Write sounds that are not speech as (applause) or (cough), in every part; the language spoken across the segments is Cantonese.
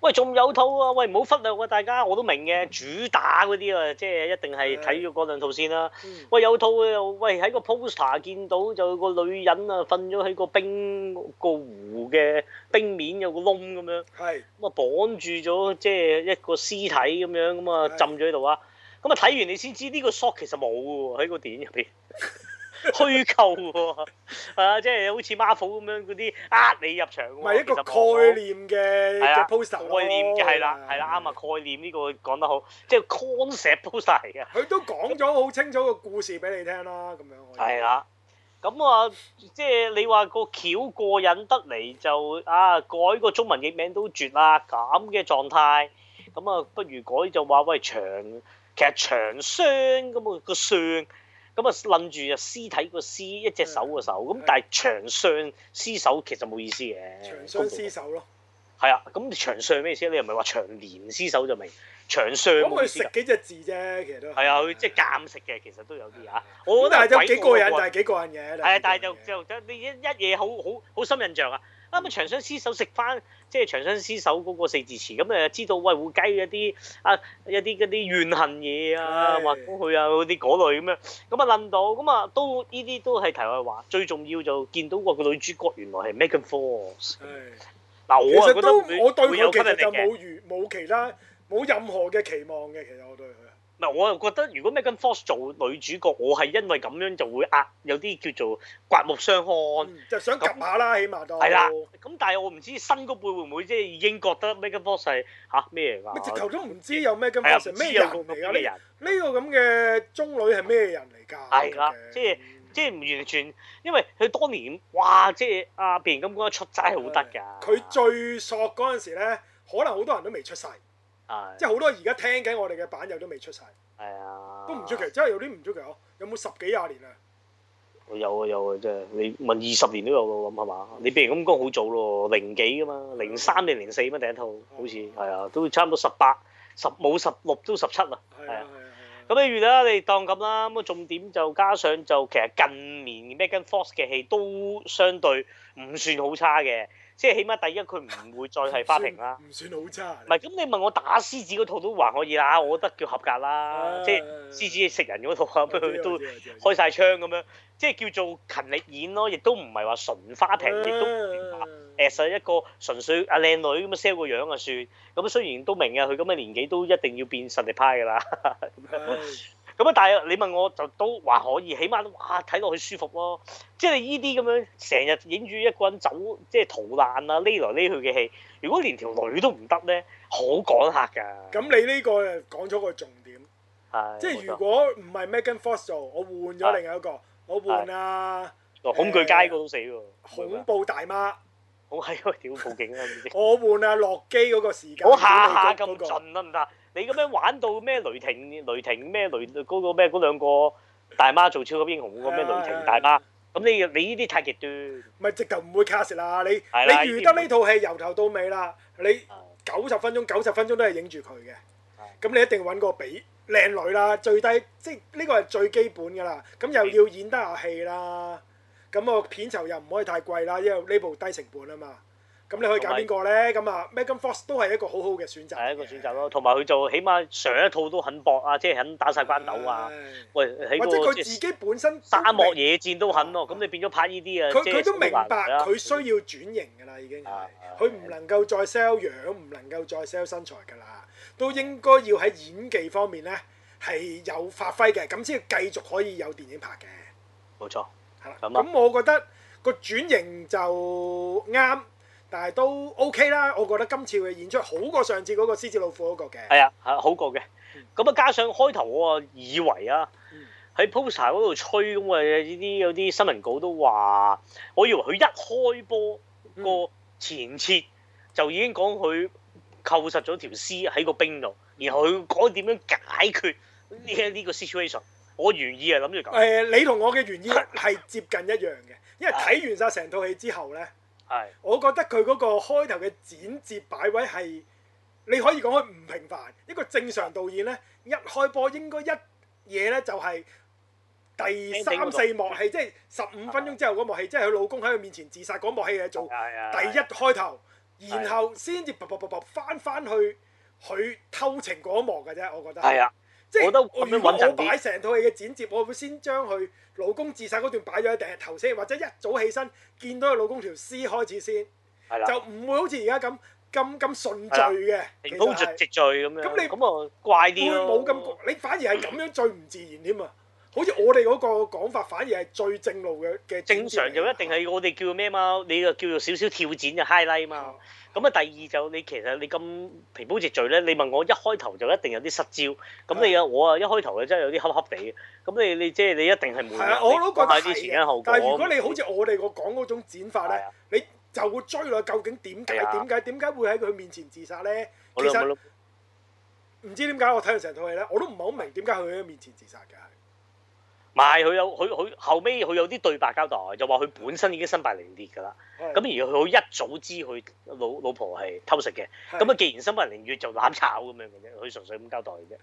喂，仲有套啊！喂，唔好忽略喎，大家我都明嘅，嗯、主打嗰啲啊，即係、嗯、一定係睇咗嗰兩套先啦。喂，有套啊！喂，喺個 poster 見到就個女人啊瞓咗喺個冰個湖嘅冰面有個窿咁樣，咁啊是綁住咗即係一個屍體咁樣，咁啊浸咗喺度啊。咁啊睇完你先知呢個 shot 其實冇嘅喎，喺個電影入邊。 (laughs) 虛 (laughs) 構喎、 (laughs) 啊，啊，即係好似 Marvel 咁樣嗰啲呃你入場喎。咪一個概念嘅嘅 poster 概念嘅係啦，係啦， (laughs) 啱啊，概念呢個講得好，即係 concept poster 嚟嘅。佢 (laughs) 都講咗好清楚個故事俾你聽啦，咁樣可以。係啦，咁啊，即係你話個橋過癮得嚟就啊改個中文譯名都絕啦，咁嘅狀態。咁啊，不如改就話喂長，其實長相咁啊個算。咁啊，拎住啊，屍體個屍一隻手個手，咁的但係長相屍、嗯、手其實冇意思嘅，長相屍手咯，係啊，咁長相咩意思？你又唔係話長年屍手就明，長相咁佢食幾隻字啫，其實都係啊，佢即係減食嘅，的其實都有啲嚇。的我覺得係有幾過癮，的就係幾過癮嘅。係啊，但係就就你一一嘢好好好深印象啊。啱啊、嗯！長相廝守食翻，即係長相廝守嗰個四字詞咁誒，知道喂烏雞一啲啊，一啲嗰啲怨恨嘢啊，或咁的去啊嗰啲嗰類咁樣。咁啊諗到，咁啊都呢啲都係題外話，最重要就見到個個女主角原來係 Megan Fox。係的。嗱、我覺其實得我對佢其實就冇預冇其他冇任何嘅期望嘅，其實我對佢。唔我又覺得如果 Megan Fox 做女主角，我係因為咁樣就會呃，有啲叫做刮目相看，嗯、就想及下啦，那起碼都係啦。咁但係我唔知新嗰輩會唔會即係已經覺得 Megan Fox 係嚇咩嚟㗎？啊啊、直頭都唔知有 Megan Fox 係咩人呢、啊、個咁嘅中女係咩人嚟、啊、㗎？係啦，就是嗯、即係即係唔完全，因為佢當年哇，即係阿邊咁講出差好得㗎。佢、啊、最索嗰陣時咧，可能好多人都未出世。即係好多而家聽緊我哋嘅版友都未出世，的都唔出奇，真係有啲唔出奇呵。有冇十幾廿年啊？我有啊有啊，真係你問二十年都有咯、啊，咁係嘛？你譬如咁講好早咯、啊，零幾噶嘛，零三定零四嘛，第一套好似？係啊的的，都差唔多十八、十五、十六都十七啦。啊係啊咁你預啦，你,你當咁啦。咁啊重點就加上就其實近年 Megan Fox 嘅戲都相對唔算好差嘅。即係起碼第一，佢唔會再係花瓶啦。唔 (laughs) 算好差。唔係，咁你問我打獅子嗰套都還可以啦，我覺得叫合格啦。啊、即係獅子食人嗰套啊，咁佢都開晒槍咁樣，即係叫做勤力演咯，亦都唔係話純花瓶，啊、亦都誒實、啊、一個純粹阿靚女咁啊 sell 個樣啊算。咁雖然都明啊，佢咁嘅年紀都一定要變實力派㗎啦。 (laughs) 這樣 咁啊！但係你問我就都還可以，起碼都哇睇落去舒服咯。即係呢啲咁樣成日影住一個人走，即係逃難啊，匿來匿去嘅戲。如果連條女都唔得咧，好趕客㗎。咁你呢個講咗個重點，的即係是如果唔係 Megan Foster 我換咗另外一個，的我換啊！恐懼街個都死喎，恐怖大媽好閪㗎，屌好勁啊！ (laughs) 我換啊，洛基嗰個時間管理嗰個，咁盡得唔得？你咁樣玩到咩雷霆、雷霆咩雷，嗰個咩嗰兩個大媽做超級英雄嗰、那個咩雷霆大媽。咁你你呢啲太極端，唔咪直頭唔會卡 a s 啦！你你預得呢套戲由頭到尾啦，你九十分鐘九十分鐘都係影住佢嘅，咁的你一定揾個比靚女啦，最低即係呢個係最基本㗎啦。咁又要演得下戲啦，咁、那個片酬又唔可以太貴啦，因為呢部低成本啊嘛。咁你可以揀邊個咧？咁啊 Megan Fox 都係一個好好嘅選擇，係一個選擇咯。同埋佢做起碼上一套都肯搏啊，即係肯打晒番鬥啊。或者佢自己本身沙漠野戰都肯咯。咁你變咗拍呢啲啊？佢佢都明白佢需要轉型㗎啦，已經。佢唔能夠再 sell 樣，唔能夠再 sell 身材㗎啦，都應該要喺演技方面咧係有發揮嘅，咁先繼續可以有電影拍嘅。冇錯，咁我覺得個轉型就啱。但係都 OK 啦，我覺得今次嘅演出好過上次嗰、那個獅子老虎嗰、那個嘅。係啊，係好過嘅。咁啊、嗯，加上開頭我啊以為啊，喺 poster 嗰度吹咁啊，呢啲有啲新聞稿都話，我以為佢一開波個、嗯、前設就已經講佢扣實咗條屍喺個冰度，然後佢講點樣解決呢呢個 situation。嗯、我原意係諗住誒，你同我嘅原意係接近一樣嘅， (laughs) 因為睇完晒成套戲之後咧。係，我覺得佢嗰個開頭嘅剪接擺位係，你可以講佢唔平凡。一個正常導演呢，一開波應該一嘢呢就係第三、四、四、四幕係，即係十五分鐘之後嗰幕戲，即係佢老公喺佢面前自殺嗰幕戲嚟做第一開頭，然後先至噚噚噚噚翻翻去佢偷情嗰幕嘅啫，我覺得。即係我如果我擺成套戲嘅剪接，我會先將佢老公自殺嗰段擺咗喺頭先，或者一早起身見到佢老公條屍開始先，的就唔會好似而家咁咁咁順序嘅，好直的序咁樣。咁你咁啊怪啲咯，會冇咁，你反而係咁樣最唔自然添啊。 (laughs) 好似我哋嗰個講法，反而係最正路嘅嘅。正常就一定係我哋叫做咩嘛？你就叫做少少跳剪嘅 highlight 嘛。咁啊，第二就你其實你咁平鋪直敍咧，你問我一開頭就一定有啲失焦。咁你啊，我啊一開頭嘅真係有啲黑黑地嘅。咁你你即係你一定係唔會。係啊，我都覺得係。但係如果你好似我哋個講嗰種剪法咧，你就會追落究竟點解？點解？點解會喺佢面前自殺咧？其實唔知點解我睇完成套戲咧，我都唔係好明點解佢喺面前自殺㗎。唔係，佢有佢佢後尾佢有啲對白交代，就話、是、佢本身已經身敗名裂㗎啦。咁的而佢一早知佢老老婆係偷食嘅，咁啊的，既然身敗名裂就攬炒咁樣嘅啫，佢純粹咁交代嘅啫。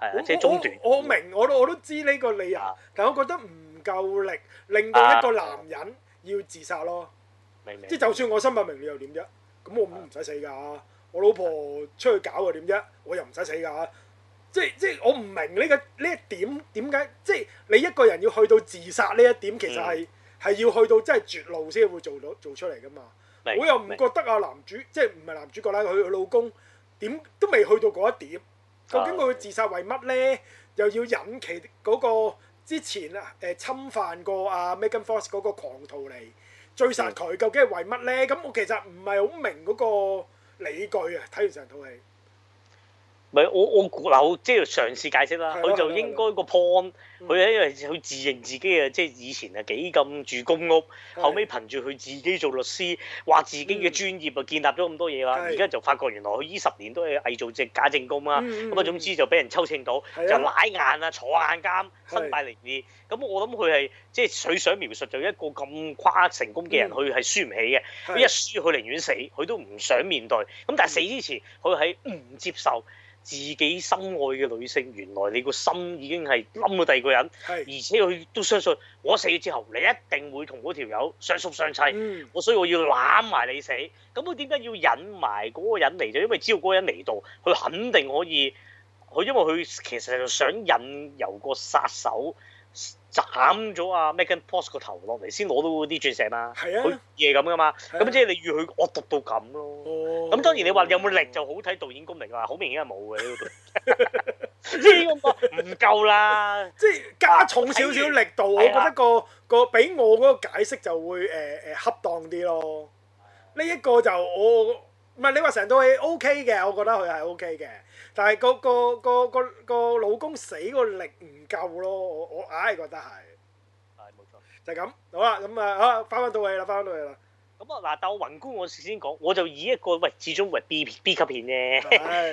係啊，即係中斷。我明，我我都知呢個理由，啊、但係我覺得唔夠力，令到一個男人要自殺咯。啊、明明？即係就算我身敗名裂又點啫？咁我唔使死㗎。啊、我老婆出去搞又點啫？我又唔使死㗎。即係，即係我唔明呢個呢一點，點解即係你一個人要去到自殺呢一點、嗯、其實係係要去到真係絕路先會做到做出嚟噶嘛？白我又唔覺得啊白男主，即係唔係男主角啦，佢佢老公點都未去到嗰一點，究竟佢自殺為乜呢？啊、又要引其嗰、那個之前啊誒、呃、侵犯過阿、啊、Megan Fox 嗰個狂徒嚟追殺佢，究竟係為乜呢？咁、嗯、我其實唔係好明嗰個理據啊！睇完成套戲。唔係我我嗱，即係嘗試解釋啦。佢就應該個破案，佢係佢自認自己啊，即係以前係幾咁住公屋，後尾憑住佢自己做律師，話自己嘅專業啊，建立咗咁多嘢啦。而家就發覺原來佢依十年都係偽造證假證供啦。咁啊，總之就俾人抽清到，就拉硬啊，坐硬監，身敗名裂。咁我諗佢係即係佢想描述就一個咁誇成功嘅人，佢係輸唔起嘅。佢一輸，佢寧願死，佢都唔想面對。咁但係死之前，佢喺唔接受。自己心愛嘅女性，原來你個心已經係冧咗第二個人，是而且佢都相信我死咗之後，你一定會同嗰條友相宿相棲。我、嗯、所以我要攬埋你死。咁佢點解要引埋嗰個人嚟？就因為只要嗰個人嚟到，佢肯定可以，佢因為佢其實就想引由個殺手。斬咗阿 Megan Post 個頭落嚟先攞到啲鑽石嘛，啊，好嘢咁噶嘛，咁、啊、即係你預佢惡毒到咁咯。咁、oh. 當然你話有冇力就好睇導演功力㗎，好明顯係冇嘅呢個，唔夠啦。即係加重少少力度，啊、我覺得個個俾我嗰個解釋就會誒誒恰當啲咯。呢、這、一個就我。唔係你話成套戲 O K 嘅，我覺得佢係 O K 嘅，但係個個個個個老公死個力唔夠咯，我我硬係覺得係。係冇沒錯就，就係咁好啦，咁啊啊翻返到去啦，翻返到去啦。咁啊嗱，但我雲觀我事先講，我就以一個喂，始終係 B B 級片啫，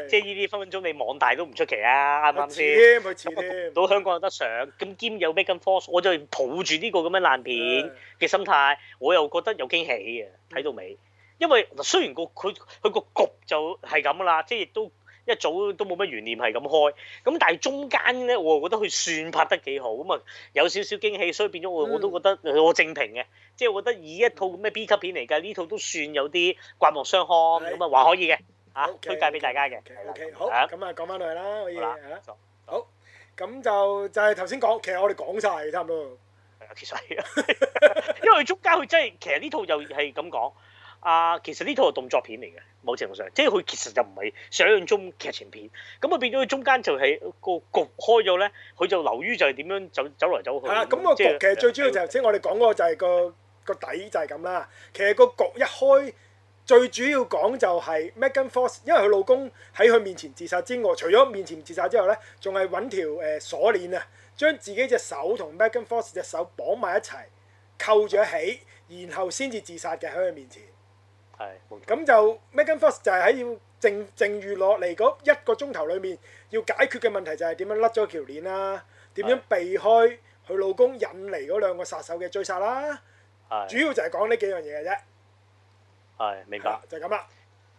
即係呢啲分分鐘你網大都唔出奇啊，啱啱先？吧到香港有得上，咁兼有咩咁 force，我就抱住呢個咁嘅爛片嘅心態的，我又覺得有驚喜嘅，睇到尾。嗯因為嗱，雖然個佢佢個局就係咁噶啦，即係亦都一早都冇乜懸念係咁開，咁但係中間咧，我覺得佢算拍得幾好，咁啊有少少驚喜，所以變咗我我都覺得我正評嘅，即係我覺得以一套咩 B 級片嚟㗎，呢套都算有啲刮目相看，咁啊話可以嘅，好啊好推介俾大家嘅，OK 好，咁啊講翻落去啦，可以嚇了，好，咁就就係頭先講，其實我哋講晒，差唔多，係啊，其實係，因為中間佢真係其實呢套又係咁講。啊，其實呢套係動作片嚟嘅，某程度上，即係佢其實就唔係想象中劇情片。咁啊，變咗佢中間就係個局開咗咧，佢就流於就係點樣走走嚟走去。係啊，咁、嗯、即個局其實最主要就頭、是、先是我哋講嗰個就係個個底就係咁啦。其實個局一開，最主要講就係 Megan Fox 因為佢老公喺佢面前自殺之外，除咗面前自殺之後咧，仲係揾條誒、呃、鎖鏈啊，將自己隻手同 Megan Fox 隻手綁埋一齊，扣咗起，然後先至自殺嘅喺佢面前。係，咁就 Megan Fox 就係喺要剩剩餘落嚟嗰一個鐘頭裏面，要解決嘅問題就係點樣甩咗條鏈啦，點樣避開佢老公引嚟嗰兩個殺手嘅追殺啦。係，主要就係講呢幾樣嘢嘅啫。係，明白。就咁啦。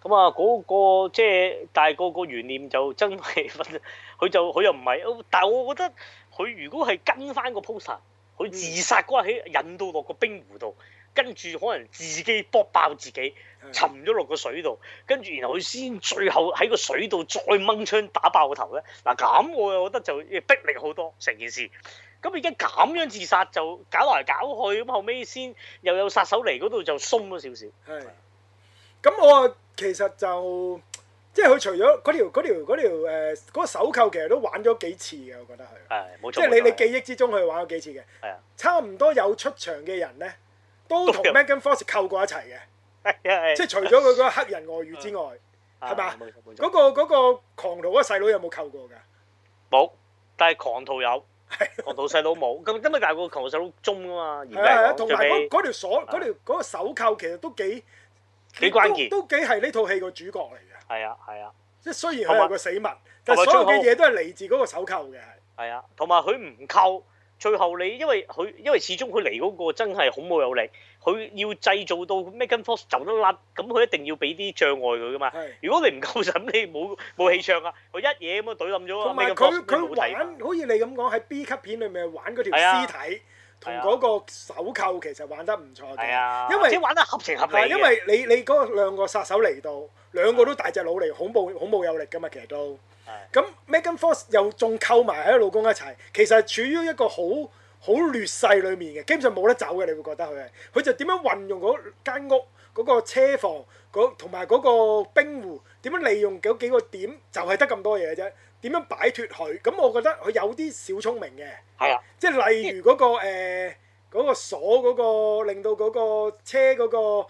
咁啊，嗰個即係，但係個個懸念就增氣氛。佢就佢又唔係，但係我覺得佢如果係跟翻個 poster，佢自殺嗰日起引到落個冰湖度。跟住可能自己搏爆自己是的 沉咗落個水度，跟住然後佢先最後喺個水度再掹槍打爆個頭咧。嗱、啊、咁我又覺得就逼力好多成件事。咁而家咁樣自殺就搞嚟搞去，咁後尾先又有殺手嚟嗰度就鬆咗少少。係。咁我啊其實就即係佢除咗嗰條嗰條嗰條，呃嗰個，手扣，其實都玩咗幾次嘅，我覺得佢。係冇錯。即係你錯你，你記憶之中佢玩咗幾次嘅。係啊的。的差唔多有出場嘅人咧。都同 Megan Fox 扣過一齊嘅，即係除咗佢個黑人外遇之外，係嘛？冇錯冇錯，嗰個嗰個狂徒嗰細佬有冇扣過㗎？冇，但係狂徒有，狂徒細佬冇。咁今日大個狂徒細佬中㗎嘛？係啊，係啊。同埋嗰嗰條鎖、手扣其實都幾幾關鍵，都幾係呢套戲個主角嚟嘅。係啊係啊，即係雖然佢係個死物，但係所有嘅嘢都係嚟自嗰個手扣嘅，係。係啊，同埋佢唔扣。最後你因為佢，因為始終佢嚟嗰個真係恐怖有力，佢要製造到 Megan Fox 走得甩，咁佢一定要俾啲障礙佢噶嘛。是的 如果你唔夠實，你冇冇氣象啊？佢一嘢咁樣，懟冧咗啊！佢 egan 玩，好似你咁講喺 B 級片裏面玩嗰條屍體，同嗰的個手扣其實玩得唔錯嘅。的因啊為，即玩得合情合理。因為你你嗰兩個殺手嚟到，兩個都大隻佬嚟，恐怖恐怖有力噶嘛，其實都。咁 Megan Fox 又仲扣埋喺老公一齊，其實處於一個好好劣勢裏面嘅，基本上冇得走嘅。你會覺得佢，佢就點樣運用嗰間屋、嗰個車房、同埋嗰個冰湖，點樣利用嗰幾個點，就係得咁多嘢啫。點樣擺脫佢？咁我覺得佢有啲小聰明嘅。係，即係例如嗰個誒，呃嗰個鎖嗰個，令到嗰個車嗰個。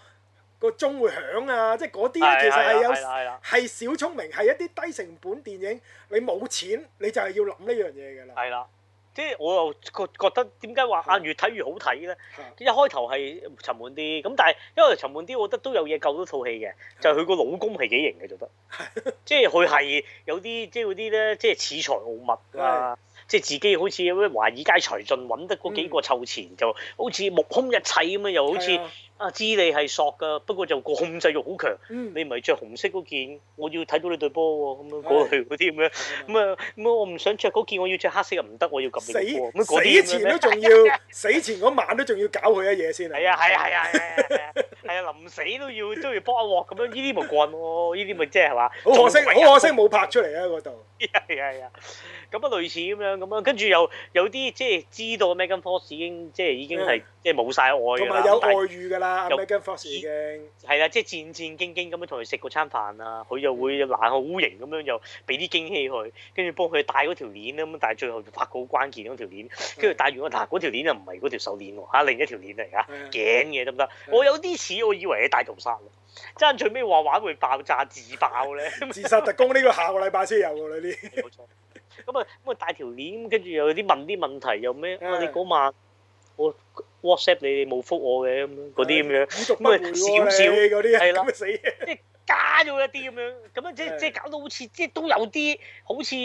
個鐘會響啊！即係嗰啲咧，其實係有係小聰明，係一啲低成本電影。你冇錢，你就係要諗呢樣嘢㗎啦。係啦，即係我又覺覺得點解話啊越睇越好睇咧？的一開頭係沉悶啲，咁但係因為沉悶啲，我覺得都有嘢救到套戲嘅，就係佢個老公係幾型嘅就得，即係佢係有啲即係嗰啲咧，即係恃才傲物啦。即係自己好似有咩華爾街財俊揾得嗰幾個湊錢，就好似目空一切咁樣！又好似是啊，啊，知你係索噶，不過就個控制欲好強。嗯、你唔係着紅色嗰件，我要睇到你對波喎咁樣過去嗰啲咁樣。咁啊，咁咁咁我唔想着嗰件，我要着黑色又唔得，我要撳你對波。死，咁咁死前都仲要， (laughs) 死前嗰晚都仲要搞佢一嘢先啊！係啊係啊係 (laughs) 啊係啊！啊 (laughs) 臨死都要中意卜一鑊咁樣，呢啲咪棍咯？依啲咪即係係嘛？好可惜，好可惜冇拍出嚟啊！嗰度係係啊，咁啊，類似咁樣咁啊。跟住又有啲即係知道 Megan Fox 已經即係已經係即係冇晒愛啦，同有外遇㗎啦。Megan Fox 已經係啦，即係戰戰兢兢咁樣同佢食嗰餐飯啊。佢又會攔好型咁樣，又俾啲驚喜佢，跟住幫佢戴嗰條鏈啊。咁但係最後就拍個好關鍵嗰條鏈，跟住戴完我話嗰條鏈又唔係嗰條手鏈喎，嚇另一條鏈嚟啊，頸嘅得唔得？我有啲似。都以為你大屠殺真係最尾話玩會爆炸自爆咧， (laughs) 自殺特工呢、這個下個禮拜先有喎呢啲，冇、這、錯、個。 (laughs) 咁啊咁啊帶條鏈，跟住又有啲問啲問題又咩、嗯、啊？你嗰晚。我 WhatsApp 你哋冇覆我嘅咁樣，嗰啲咁樣，咁少，少少，係啦，死即係加咗一啲咁樣，咁樣即係即係搞到好似即係都有啲，好似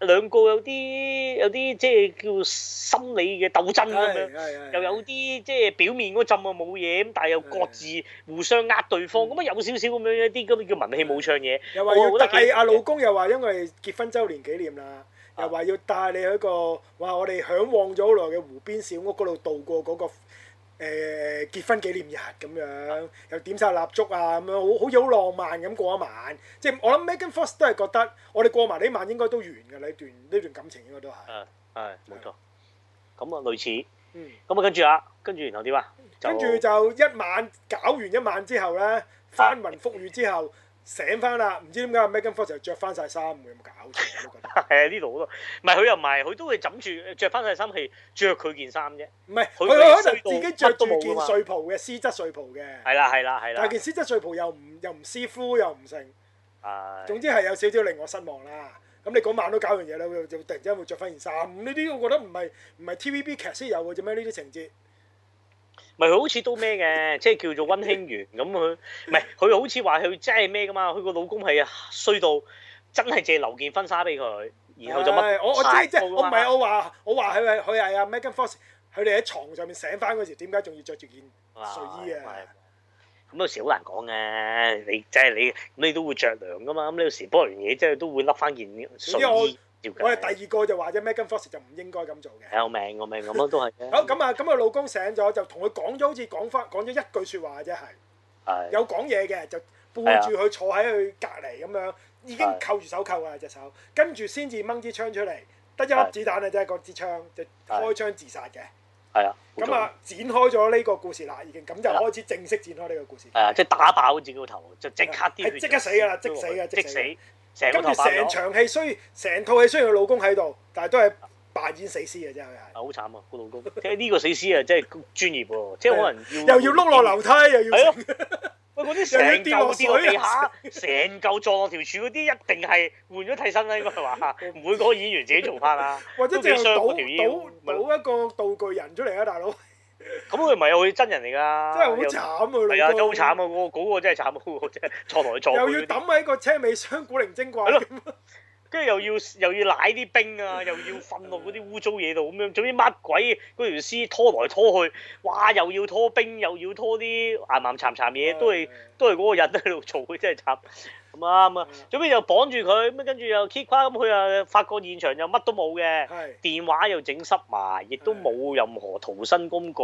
兩個有啲有啲即係叫心理嘅鬥爭咁樣，又有啲即係表面嗰陣啊冇嘢，咁但係又各自互相呃對方，咁啊有少少咁樣一啲咁叫文氣冇唱嘢。又話，但係阿老公又話因為結婚周年紀念啦。又話要帶你去個，哇！我哋嚮往咗好耐嘅湖邊小屋嗰度度過嗰個誒結婚紀念日咁樣，又點晒蠟燭啊咁樣，好好似好浪漫咁過一晚。即係我諗 Megan Fox 都係覺得，我哋過埋呢一晚應該都完㗎，呢段呢段感情應該都係。係，冇錯。咁啊，類似。嗯。咁啊，跟住啊，跟住然後點啊？跟住就一晚搞完一晚之後咧，翻雲覆雨之後，醒翻啦，唔知點解 Megan Fox 又着翻晒衫，有冇搞錯？係啊，呢度好多，唔係佢又唔係，佢都會枕住着翻晒衫去着佢件衫啫。唔係，佢可能自己着住件睡袍嘅絲質睡袍嘅。係啦係啦係啦，但件絲質睡袍又唔又唔 see through 又唔成。啊！總之係有少少令我失望啦。咁你嗰晚都搞完嘢啦，又突然之間會着翻件衫，呢啲我覺得唔係唔係 TVB 劇先有嘅啫咩？呢啲情節。唔係佢好似都咩嘅，即係叫做溫馨完咁佢，唔係佢好似話佢真係咩噶嘛，佢個老公係衰到真係借留件婚紗俾佢，然後就乜太鋪。我我真、哎、即是我唔係是、哎、我話我話佢佢係阿 Megan Fox，佢哋喺床上面醒翻嗰時，點解仲要着住件睡衣啊？咁、啊嗯、有時好難講嘅，你即係、就是、你你都會着涼噶嘛，咁你有時煲完嘢即係都會笠翻件睡衣。嗯我哋第二個就話啫 Megan Foster 就唔應該咁做嘅。有命我命咁咯，都係好咁啊，咁啊，老公醒咗就同佢講咗，好似講翻講咗一句説話啫，係。有講嘢嘅，就背住佢坐喺佢隔離咁樣，已經扣住手扣啊隻手，跟住先至掹支槍出嚟，得一粒子彈啊啫，嗰支槍就開槍自殺嘅。係啊。咁啊，展開咗呢個故事啦，已經咁就開始正式展開呢個故事。係啊，即係打爆自己個頭，就即刻啲即刻死啊！即死啊！即死！跟住成場戲，雖然成套戲雖然佢老公喺度，但係都係扮演死屍嘅啫，又係。啊，好慘啊！個老公。即係呢個死屍啊，真係專業喎！即係可能要又要碌落樓梯，又要係咯。喂，嗰啲成嚿跌落地下，成嚿撞落條柱嗰啲，一定係換咗替身啦，應該係話，唔會嗰個演員自己做返啦。或者即係倒條腰，倒一個道具人出嚟啊，大佬！咁佢唔係啊，佢真人嚟㗎。真係好慘啊，佢。係啊，真係好慘啊，嗰個嗰個真係慘啊，嗰個真係坐來坐去。又要揼喺個車尾箱古靈精怪咯。 (laughs) 跟住又要又要攋啲冰啊，又要瞓落嗰啲污糟嘢度咁樣，總之乜鬼嗰條屍拖來拖去，哇！又要拖冰，又要拖啲巖巖巉巉嘢，都係 (laughs) 都係嗰個人喺度做，佢真係慘。咁啱啊！做咩、嗯、又綁住佢，咁跟住又 keep 跨，咁佢又發覺現場又乜都冇嘅，電話又整濕埋，亦都冇任何逃生工具，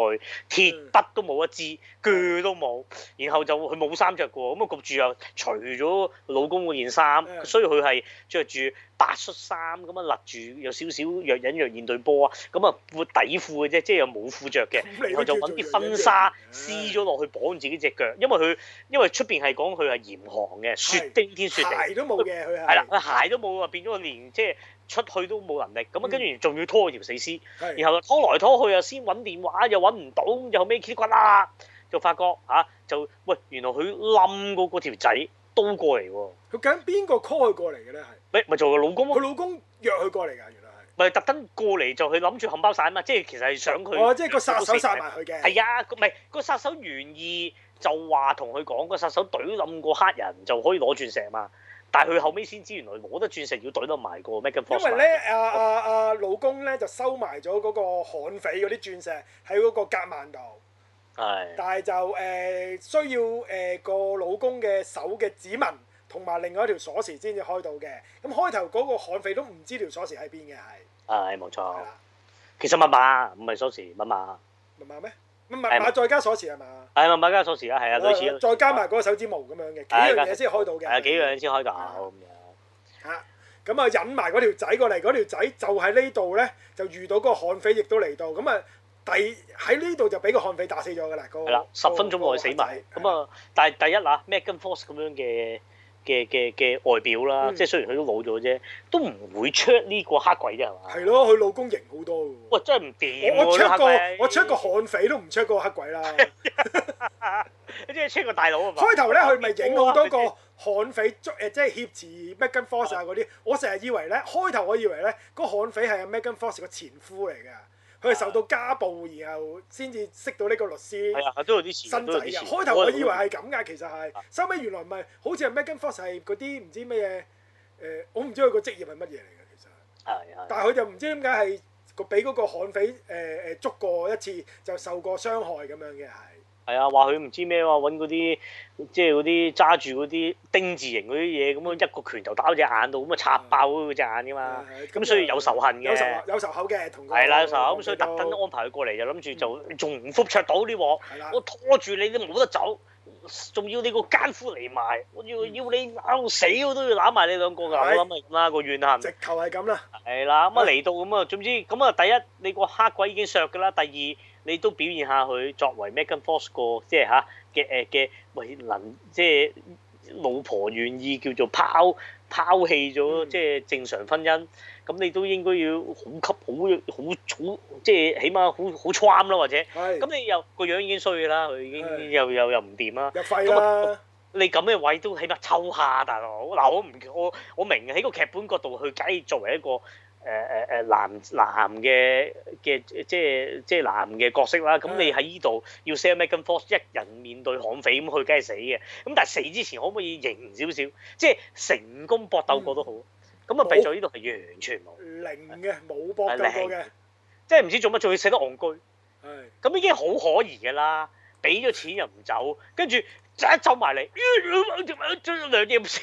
鐵筆都冇一支，鋸都冇，然後就佢冇衫着嘅喎，咁啊焗住又除咗老公嗰件衫，所以佢係着住，白恤衫咁啊勒住，有少少若隱若現對波啊！咁啊褲底褲嘅啫，即係冇褲着嘅，然後我就揾啲婚紗撕咗落去綁自己隻腳，因為佢因為出邊係講佢係嚴寒嘅、啊、雪冰天雪地都冇嘅，佢啦，佢鞋都冇啊，變咗連即係出去都冇能力。咁啊、嗯，跟住仲要拖條死屍，的然後拖來拖去啊，先揾電話又揾唔到，又後尾結骨啦，就發覺嚇、啊、就喂、啊、原來佢冧過嗰條仔。刀過嚟喎！佢究竟邊個 call 佢過嚟嘅咧？係咪咪做個老公？佢老公約佢過嚟㗎，原來係咪特登過嚟就佢諗住冚包曬啊嘛！即係其實係想佢。哦，即係個殺手殺埋佢嘅。係啊，唔係個殺手原意就話同佢講，個殺手懟冧個黑人就可以攞鑽石嘛。但係佢後尾先知原來攞得鑽石要懟得埋咩個。因為咧，阿阿阿老公咧就收埋咗嗰個悍匪嗰啲鑽石喺嗰個夾萬度。是但係就誒需要誒個老公嘅手嘅指紋同埋另外一條鎖匙先至開到嘅。咁開頭嗰個悍匪都唔知條鎖匙喺邊嘅，係。係冇錯。是的 其實密碼唔係鎖匙，密碼。密碼咩？密碼唉再加鎖匙係嘛？係啊，密碼加鎖匙啊，係啊，類似。再加埋嗰個手指模咁樣嘅，幾樣嘢先開到嘅。係啊，幾樣先開到咁樣到的。嚇！咁啊，引埋嗰條仔過嚟，嗰條仔就喺呢度咧，就遇到嗰個悍匪也也，亦都嚟到咁啊。第喺呢度就俾個悍匪打死咗㗎啦，嗰個係啦，十分鐘內死埋。咁啊，但係第一啦，Megan Fox 咁樣嘅嘅嘅嘅外表啦，即係雖然佢都老咗啫，都唔會出呢個黑鬼啫係嘛？係咯，佢老公型好多喎。喂，真係唔掂喎！我出個我出個悍匪都唔出嗰個黑鬼啦。你即係出個大佬啊嘛？開頭咧，佢咪影好多個悍匪捉誒，即係挾持 Megan Fox 啊嗰啲。我成日以為咧，開頭我以為咧，嗰悍匪係 Megan Fox 個前夫嚟㗎。佢係受到家暴，然後先至識到呢個律師。係啊，都有啲錢，新仔，都有啲錢。開頭我以為係咁嘅，其實係收尾原來唔係，好似係 Megan Foster 嗰啲唔知咩嘢。誒、呃，我唔知佢個職業係乜嘢嚟嘅，其實。係。但係佢就唔知點解係個俾嗰個悍匪誒誒、呃、捉過一次，就受過傷害咁樣嘅係。係啊，話佢唔知咩喎，揾嗰啲即係嗰啲揸住嗰啲丁字形嗰啲嘢，咁樣一個拳頭就打喺隻眼度，咁啊插爆嗰隻眼噶嘛，咁所以有仇恨嘅。有仇有仇口嘅，同佢係啦，有仇口，咁所以特登安排佢過嚟，就諗住就仲唔復灼到啲鑊？我拖住你都冇得走，仲要你個奸夫嚟埋，我要要你咬死我都要攬埋你兩個嘅，咁啊個怨恨。直頭係咁啦。係啦，咁啊嚟到咁啊，總之咁啊，第一你個黑鬼已經削㗎啦，第二。你都表現下佢作為 Megan Fox 個即係吓嘅誒嘅為能，即係老婆願意叫做拋拋棄咗即係正常婚姻，咁，嗯，你都應該要好吸、好好好即係起碼好好 try 咪啦，或者咁是你又個樣已經衰啦，佢已經是又又又唔掂啦，咁啊是你咁嘅位都起碼抽下，大佬。嗱我唔我我，我明喺個劇本角度去，解作為一個。誒誒誒男男嘅嘅、呃、即係即係男嘅角色啦，咁、嗯、你喺呢度要 sell 咩 Guns Force 一人面對悍匪咁，佢梗係死嘅。咁但係死之前可唔可以型少少？即係成功搏鬥過都好。咁啊閉咗呢度係完全冇零嘅，冇搏鬥嘅，即係唔知做乜，仲要寫得戇居。咁、嗯、已經好可疑噶啦！俾咗錢又唔走，跟住。一走埋嚟，兩嘢唔死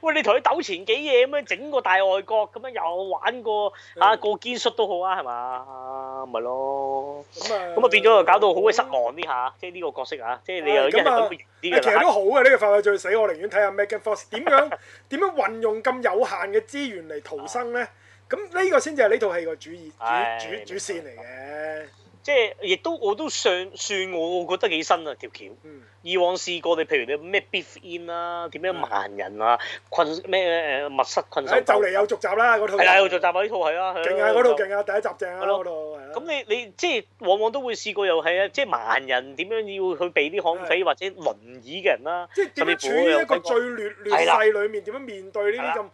喂！你同佢鬥前幾夜，咁樣，整個大外國咁樣又玩過，啊、嗯、個過肩摔都好啊，係嘛？咪咯，咁啊、嗯，咁啊變咗又搞到好鬼失望啲下，嗯、即係呢個角色嚇，啊、即係你又因為咁熱啲人，其實都好嘅呢、這個範偉最死，我寧願睇下《Megan Fox 點 (laughs) 樣點樣運用咁有限嘅資源嚟逃生咧，咁呢、啊、個先至係呢套戲個主主主,主,主,主,主線嚟嘅。即係，亦都我都尚算，我覺得幾新啊條橋。嗯、以往試過你，譬如你咩 beef in 啦、啊，點樣盲人啊，困咩誒、呃、密室困。誒就嚟有續集啦，嗰套。係啊，有續集啊，呢套係啊。勁啊！嗰套勁啊！第一集正啊！嗰套的。咁你你即係往往都會試過有係啊，即係盲人點樣要去避啲悍匪的或者輪椅嘅人啦、啊。即係處於一個最亂亂世裏面，點樣面對呢啲咁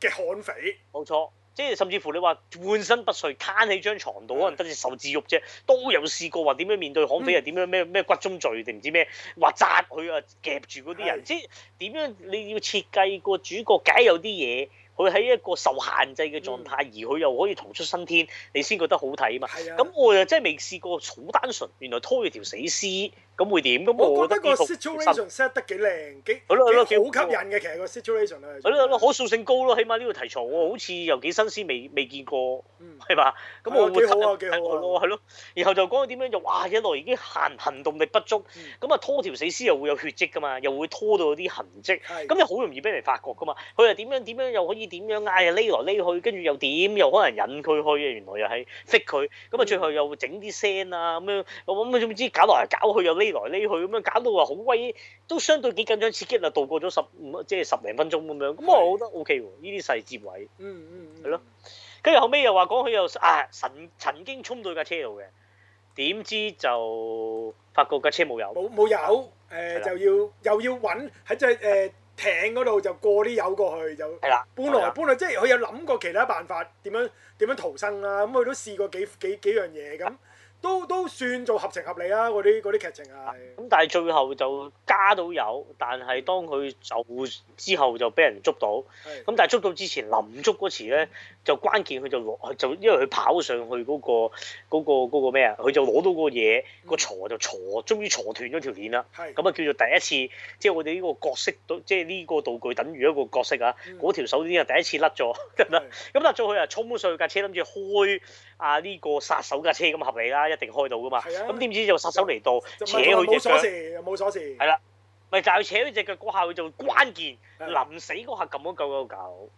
嘅悍匪？冇的錯。即係甚至乎你話半身不遂，攤喺張床度，可能得隻手指郁啫，都有試過話點樣面對悍匪，又點樣咩咩骨中罪定唔知咩，話扎佢啊，夾住嗰啲人，的即係點樣你要設計個主角，梗係有啲嘢，佢喺一個受限制嘅狀態，而佢又可以逃出生天，你先覺得好睇啊嘛。咁的我又真係未試過，好單純，原來拖住條死屍。咁會點？咁我覺得個 situation set 得幾靚，幾好吸引嘅。其實個 situation 啊，係咯咯，了可塑性高咯。起碼呢個題材我好似又幾新鮮，未未見過，係嘛、嗯？咁我會吸引、啊、我咯，係咯。然後就講佢點樣就哇，一來已經行行動力不足，咁啊、嗯、拖條死屍又會有血跡㗎嘛，又會拖到啲痕跡，咁又好容易俾人發覺㗎嘛。佢又點樣點樣又可以點樣啊？匿來匿去，跟住又點？又可能引佢去原來又係逼佢。咁啊，最後又整啲聲啊咁樣，咁咁，總之搞來搞去又去。匿來匿去咁樣搞到話好威，都相對幾緊張刺激啦。度過咗十五，即係十零分鐘咁樣，咁、嗯、我覺得 OK 喎。呢啲細節位，嗯嗯，係、嗯、咯。跟住的後尾又話講佢又啊曾曾經衝到架車度嘅，點知就發覺架車冇油，冇冇油，誒、呃、的就要又要搵喺隻誒、呃、艇嗰度就過啲油過去就係啦，搬的來搬去，即係佢有諗過其他辦法點樣點樣，點樣逃生啦。咁佢都試過幾幾幾樣嘢咁。都都算做合情合理啊！嗰啲嗰啲劇情啊，咁但係最後就加到有，但係當佢走之後就俾人捉到，咁的但係捉到之前臨捉嗰時咧，就關鍵佢就攞就因為佢跑上去嗰、個嗰、個嗰、個咩啊，佢就攞到個嘢，個鋤、嗯、就鋤終於鋤斷咗條鏈啦，咁啊的叫做第一次，即係我哋呢個角色，都即係呢個道具等於一個角色啊，嗰、嗯、條手鏈人第一次甩咗，咁甩咗佢啊，衝咗、嗯、上去架車諗住開啊呢個殺手架車咁合理啦。一定開到噶嘛，咁點知就殺手嚟到扯佢隻腳，冇鎖匙，又冇鎖匙，係啦，咪就係扯佢隻腳嗰下，佢就關鍵臨死嗰下撳咗九九九，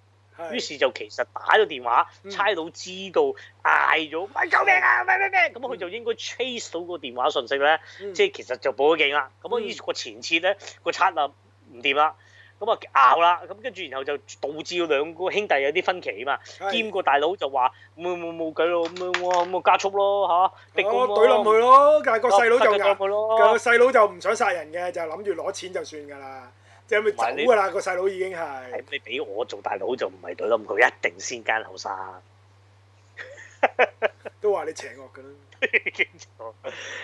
於是就其實打咗電話，差佬知道嗌咗，喂，救命啊，咩咩咩，咁佢就應該 trace 到個電話信息咧，即係其實就補得勁啦，咁啊依個前設咧個策略唔掂啦。咁啊咬啦，咁跟住然後就導致咗兩個兄弟有啲分歧啊嘛，是兼個大佬就話冇冇冇計咯咁樣，咁啊加速咯嚇，我懟冧佢咯，哦、但係個細佬就咬，啊、個細佬就唔想殺人嘅，就諗住攞錢就算噶啦，即係咪走噶啦個細佬已經係、哎，你俾我做大佬就唔係懟冧佢，一定先奸後殺， (laughs) 都話你邪惡噶啦。驚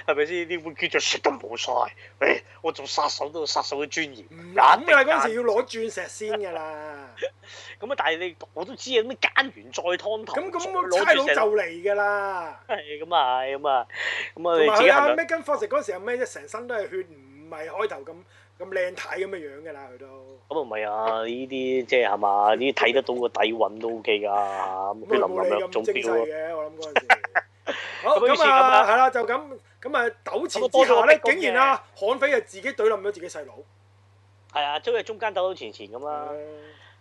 係咪先呢啲會叫做食得冇晒？喂，我做殺手都殺手嘅尊嚴，唔緊要。嗰陣時要攞鑽石先噶啦。咁啊，但係你我都知啊，咩奸完再湯頭，咁差佬就嚟噶啦。咁啊，咁啊，咁啊，你知咩跟方石嗰陣時啊，咩啫，成身都係血，唔係開頭咁咁靚睇咁嘅樣噶啦，佢都。咁啊唔係啊，呢啲即係嘛，呢啲睇得到個底蘊都 OK 噶，吓，唔會林林種種標咯。好咁啊，係啦，就咁咁啊，糾纏之下咧，竟然啊，悍匪啊自己懟冧咗自己細佬。係啊、嗯，即係中間鬥鬥纏纏咁啦。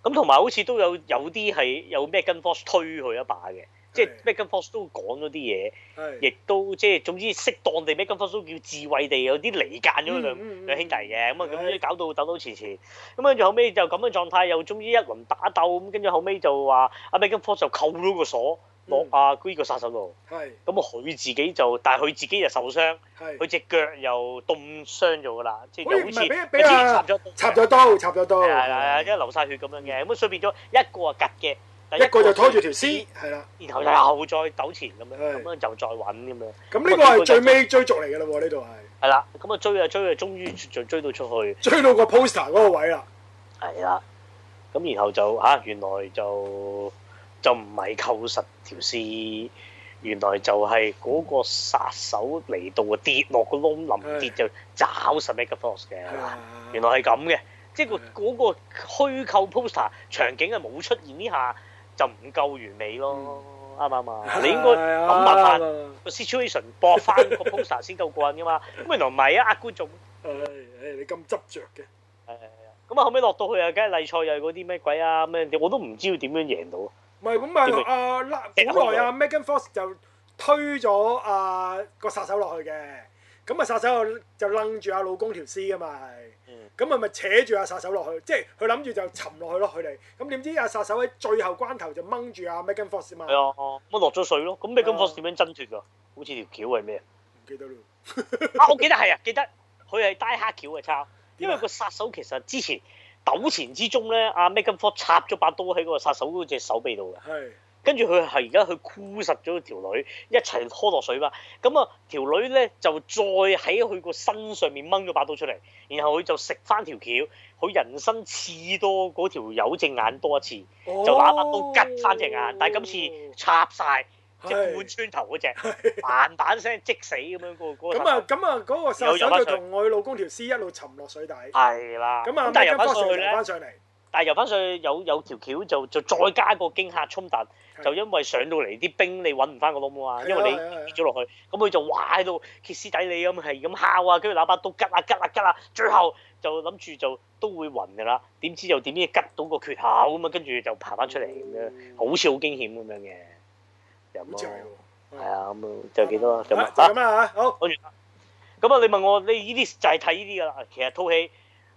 咁同埋好似都有有啲係有咩跟 force 推佢一把嘅，即係咩跟 force 都講咗啲嘢，亦都即係總之適當地咩跟 force 都叫智慧地有啲離間咗兩嗯嗯嗯兩兄弟嘅，咁啊，咁所以搞到鬥鬥纏纏。咁跟住後尾就咁嘅狀態，又終於一輪打鬥，咁跟住後尾就話阿咩跟 force 就扣咗個鎖。莫啊！佢依個殺手喎，咁啊佢自己就，但係佢自己又受傷，佢隻是腳又凍傷咗噶啦，即係又好似一插咗刀，刀，插咗刀，即係流晒血咁樣嘅，咁啊所以變咗一個啊趌嘅，一個，一個就拖住條屍，係啦，然後又再糾纏咁樣，咁啊就再揾咁樣。咁呢個係最尾追逐嚟嘅咯，呢度係。係啦，咁啊追啊追啊，終於就追到出去，追到個 poster 嗰個位啦。係啦，咁然後就嚇原來就。就唔係扣實條屍，原來就係嗰個殺手嚟到啊！跌落個窿，臨跌就找十 make a force 嘅、哎呀，原來係咁嘅。哎、呀即係個嗰個虛構 poster 場景係冇出現呢下就唔夠完美咯，啱唔啱你應該咁麻煩、哎、呀個 situation 博翻個 poster 先夠過癮噶嘛？咁、哎、呀原來唔係啊，阿觀眾。誒誒、哎，你咁執着嘅？係啊，咁啊，後尾落到去啊，梗係嚟賽又係嗰啲咩鬼啊咩？我都唔知道要點樣贏到。唔係咁咪阿拉，本來阿 Megan Fox 就推咗阿個殺手落去嘅，咁咪殺手就就擸住阿老公條屍啊嘛，咁佢咪扯住阿殺手落去，即係佢諗住就沉落去咯佢哋，咁點知阿殺手喺最後關頭就掹住阿 Megan Fox，係啊，咁落咗水咯，咁 Megan Fox 點樣掙脫㗎？好似條橋係咩啊？唔記得啦。啊，我記得係啊，記得佢係戴黑超嘅抄，因為個殺手其實之前。糾纏之中咧，阿 Megan Fox 插咗把刀喺個殺手嗰隻手臂度嘅，是跟住佢係而家佢箍實咗條女，一齊拖落水嘛。咁啊，條女咧就再喺佢個身上面掹咗把刀出嚟，然後佢就食翻條橋，佢人生刺多過條友隻眼多一次，就拿把刀吉翻隻眼，哦、但係今次插晒。即係貫穿頭嗰隻，嘭嘭聲即死咁樣嗰個嗰。咁啊咁啊，嗰個殺手同佢老公條屍一路沉落水底。係啦。咁啊，但係遊翻上去咧。但係翻上嚟，但係遊翻上嚟有有條橋，就就再加個驚嚇衝突，就因為上到嚟啲冰，你揾唔翻個窿啊，因為你跌咗落去，咁佢就哇喺度揭屍底你咁係咁敲啊，跟住攞把刀吉啊吉啊吉啊，最後就諗住就都會暈㗎啦。點知又點知吉到個缺口咁啊，跟住就爬翻出嚟咁樣，好笑好驚險咁樣嘅。有咯，係啊，咁就幾多啊，咁咁啦嚇，好。咁啊、嗯，你問我你呢啲就係睇呢啲噶啦。其實套戲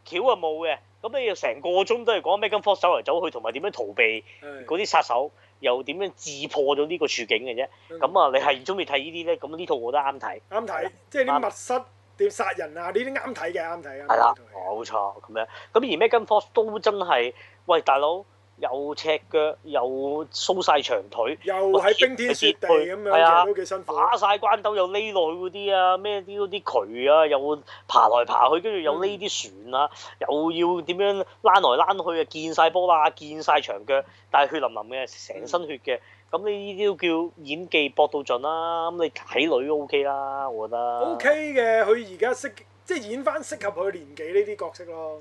橋啊冇嘅，咁你要成個鐘都係講 Megan Fox 走嚟走去，同埋點樣逃避嗰啲殺手，又點樣自破咗呢個處境嘅啫。咁啊的，你係中意睇呢啲咧？咁呢套我都啱睇。啱睇、嗯，即係啲密室點殺人啊！呢啲啱睇嘅，啱睇。了啊。係啦錯，冇錯咁樣。咁而 Megan Fox 都真係，喂，大佬。又赤腳，又騷晒長腿，又喺冰天雪地咁樣，啊、打晒關斗，又匿落去啲啊，咩啲啲渠啊，又爬來爬去，跟住又呢啲船啊，嗯、又要點樣攬來攬去啊，見晒波啦，見晒長腳，但係血淋淋嘅，成身血嘅。咁呢啲都叫演技搏到盡啦，咁你睇女都 OK 啦，我覺得。OK 嘅，佢而家適即係演翻適合佢年紀呢啲角色咯。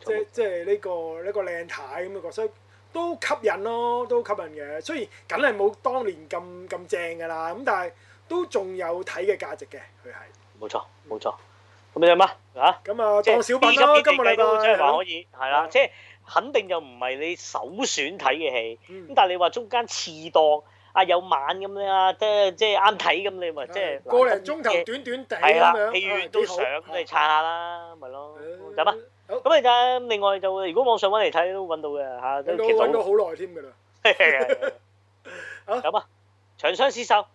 即即係呢個呢個靚太咁嘅角色都吸引咯，都吸引嘅。雖然梗係冇當年咁咁正㗎啦，咁但係都仲有睇嘅價值嘅。佢係冇錯冇錯，咁你點啊？嚇！咁啊，當小品咯。今個禮拜都還可以，係啦。即肯定就唔係你首選睇嘅戲。咁但係你話中間次檔啊，有晚咁啦，即即啱睇咁，你咪即係個零鐘頭短短地咁樣，戲院都想你撐下啦，咪咯？走啊？咁你啊！另外就如果網上揾嚟睇都揾到嘅嚇，都攞好耐添嘅啦。嚇咁啊！啊長相屍手。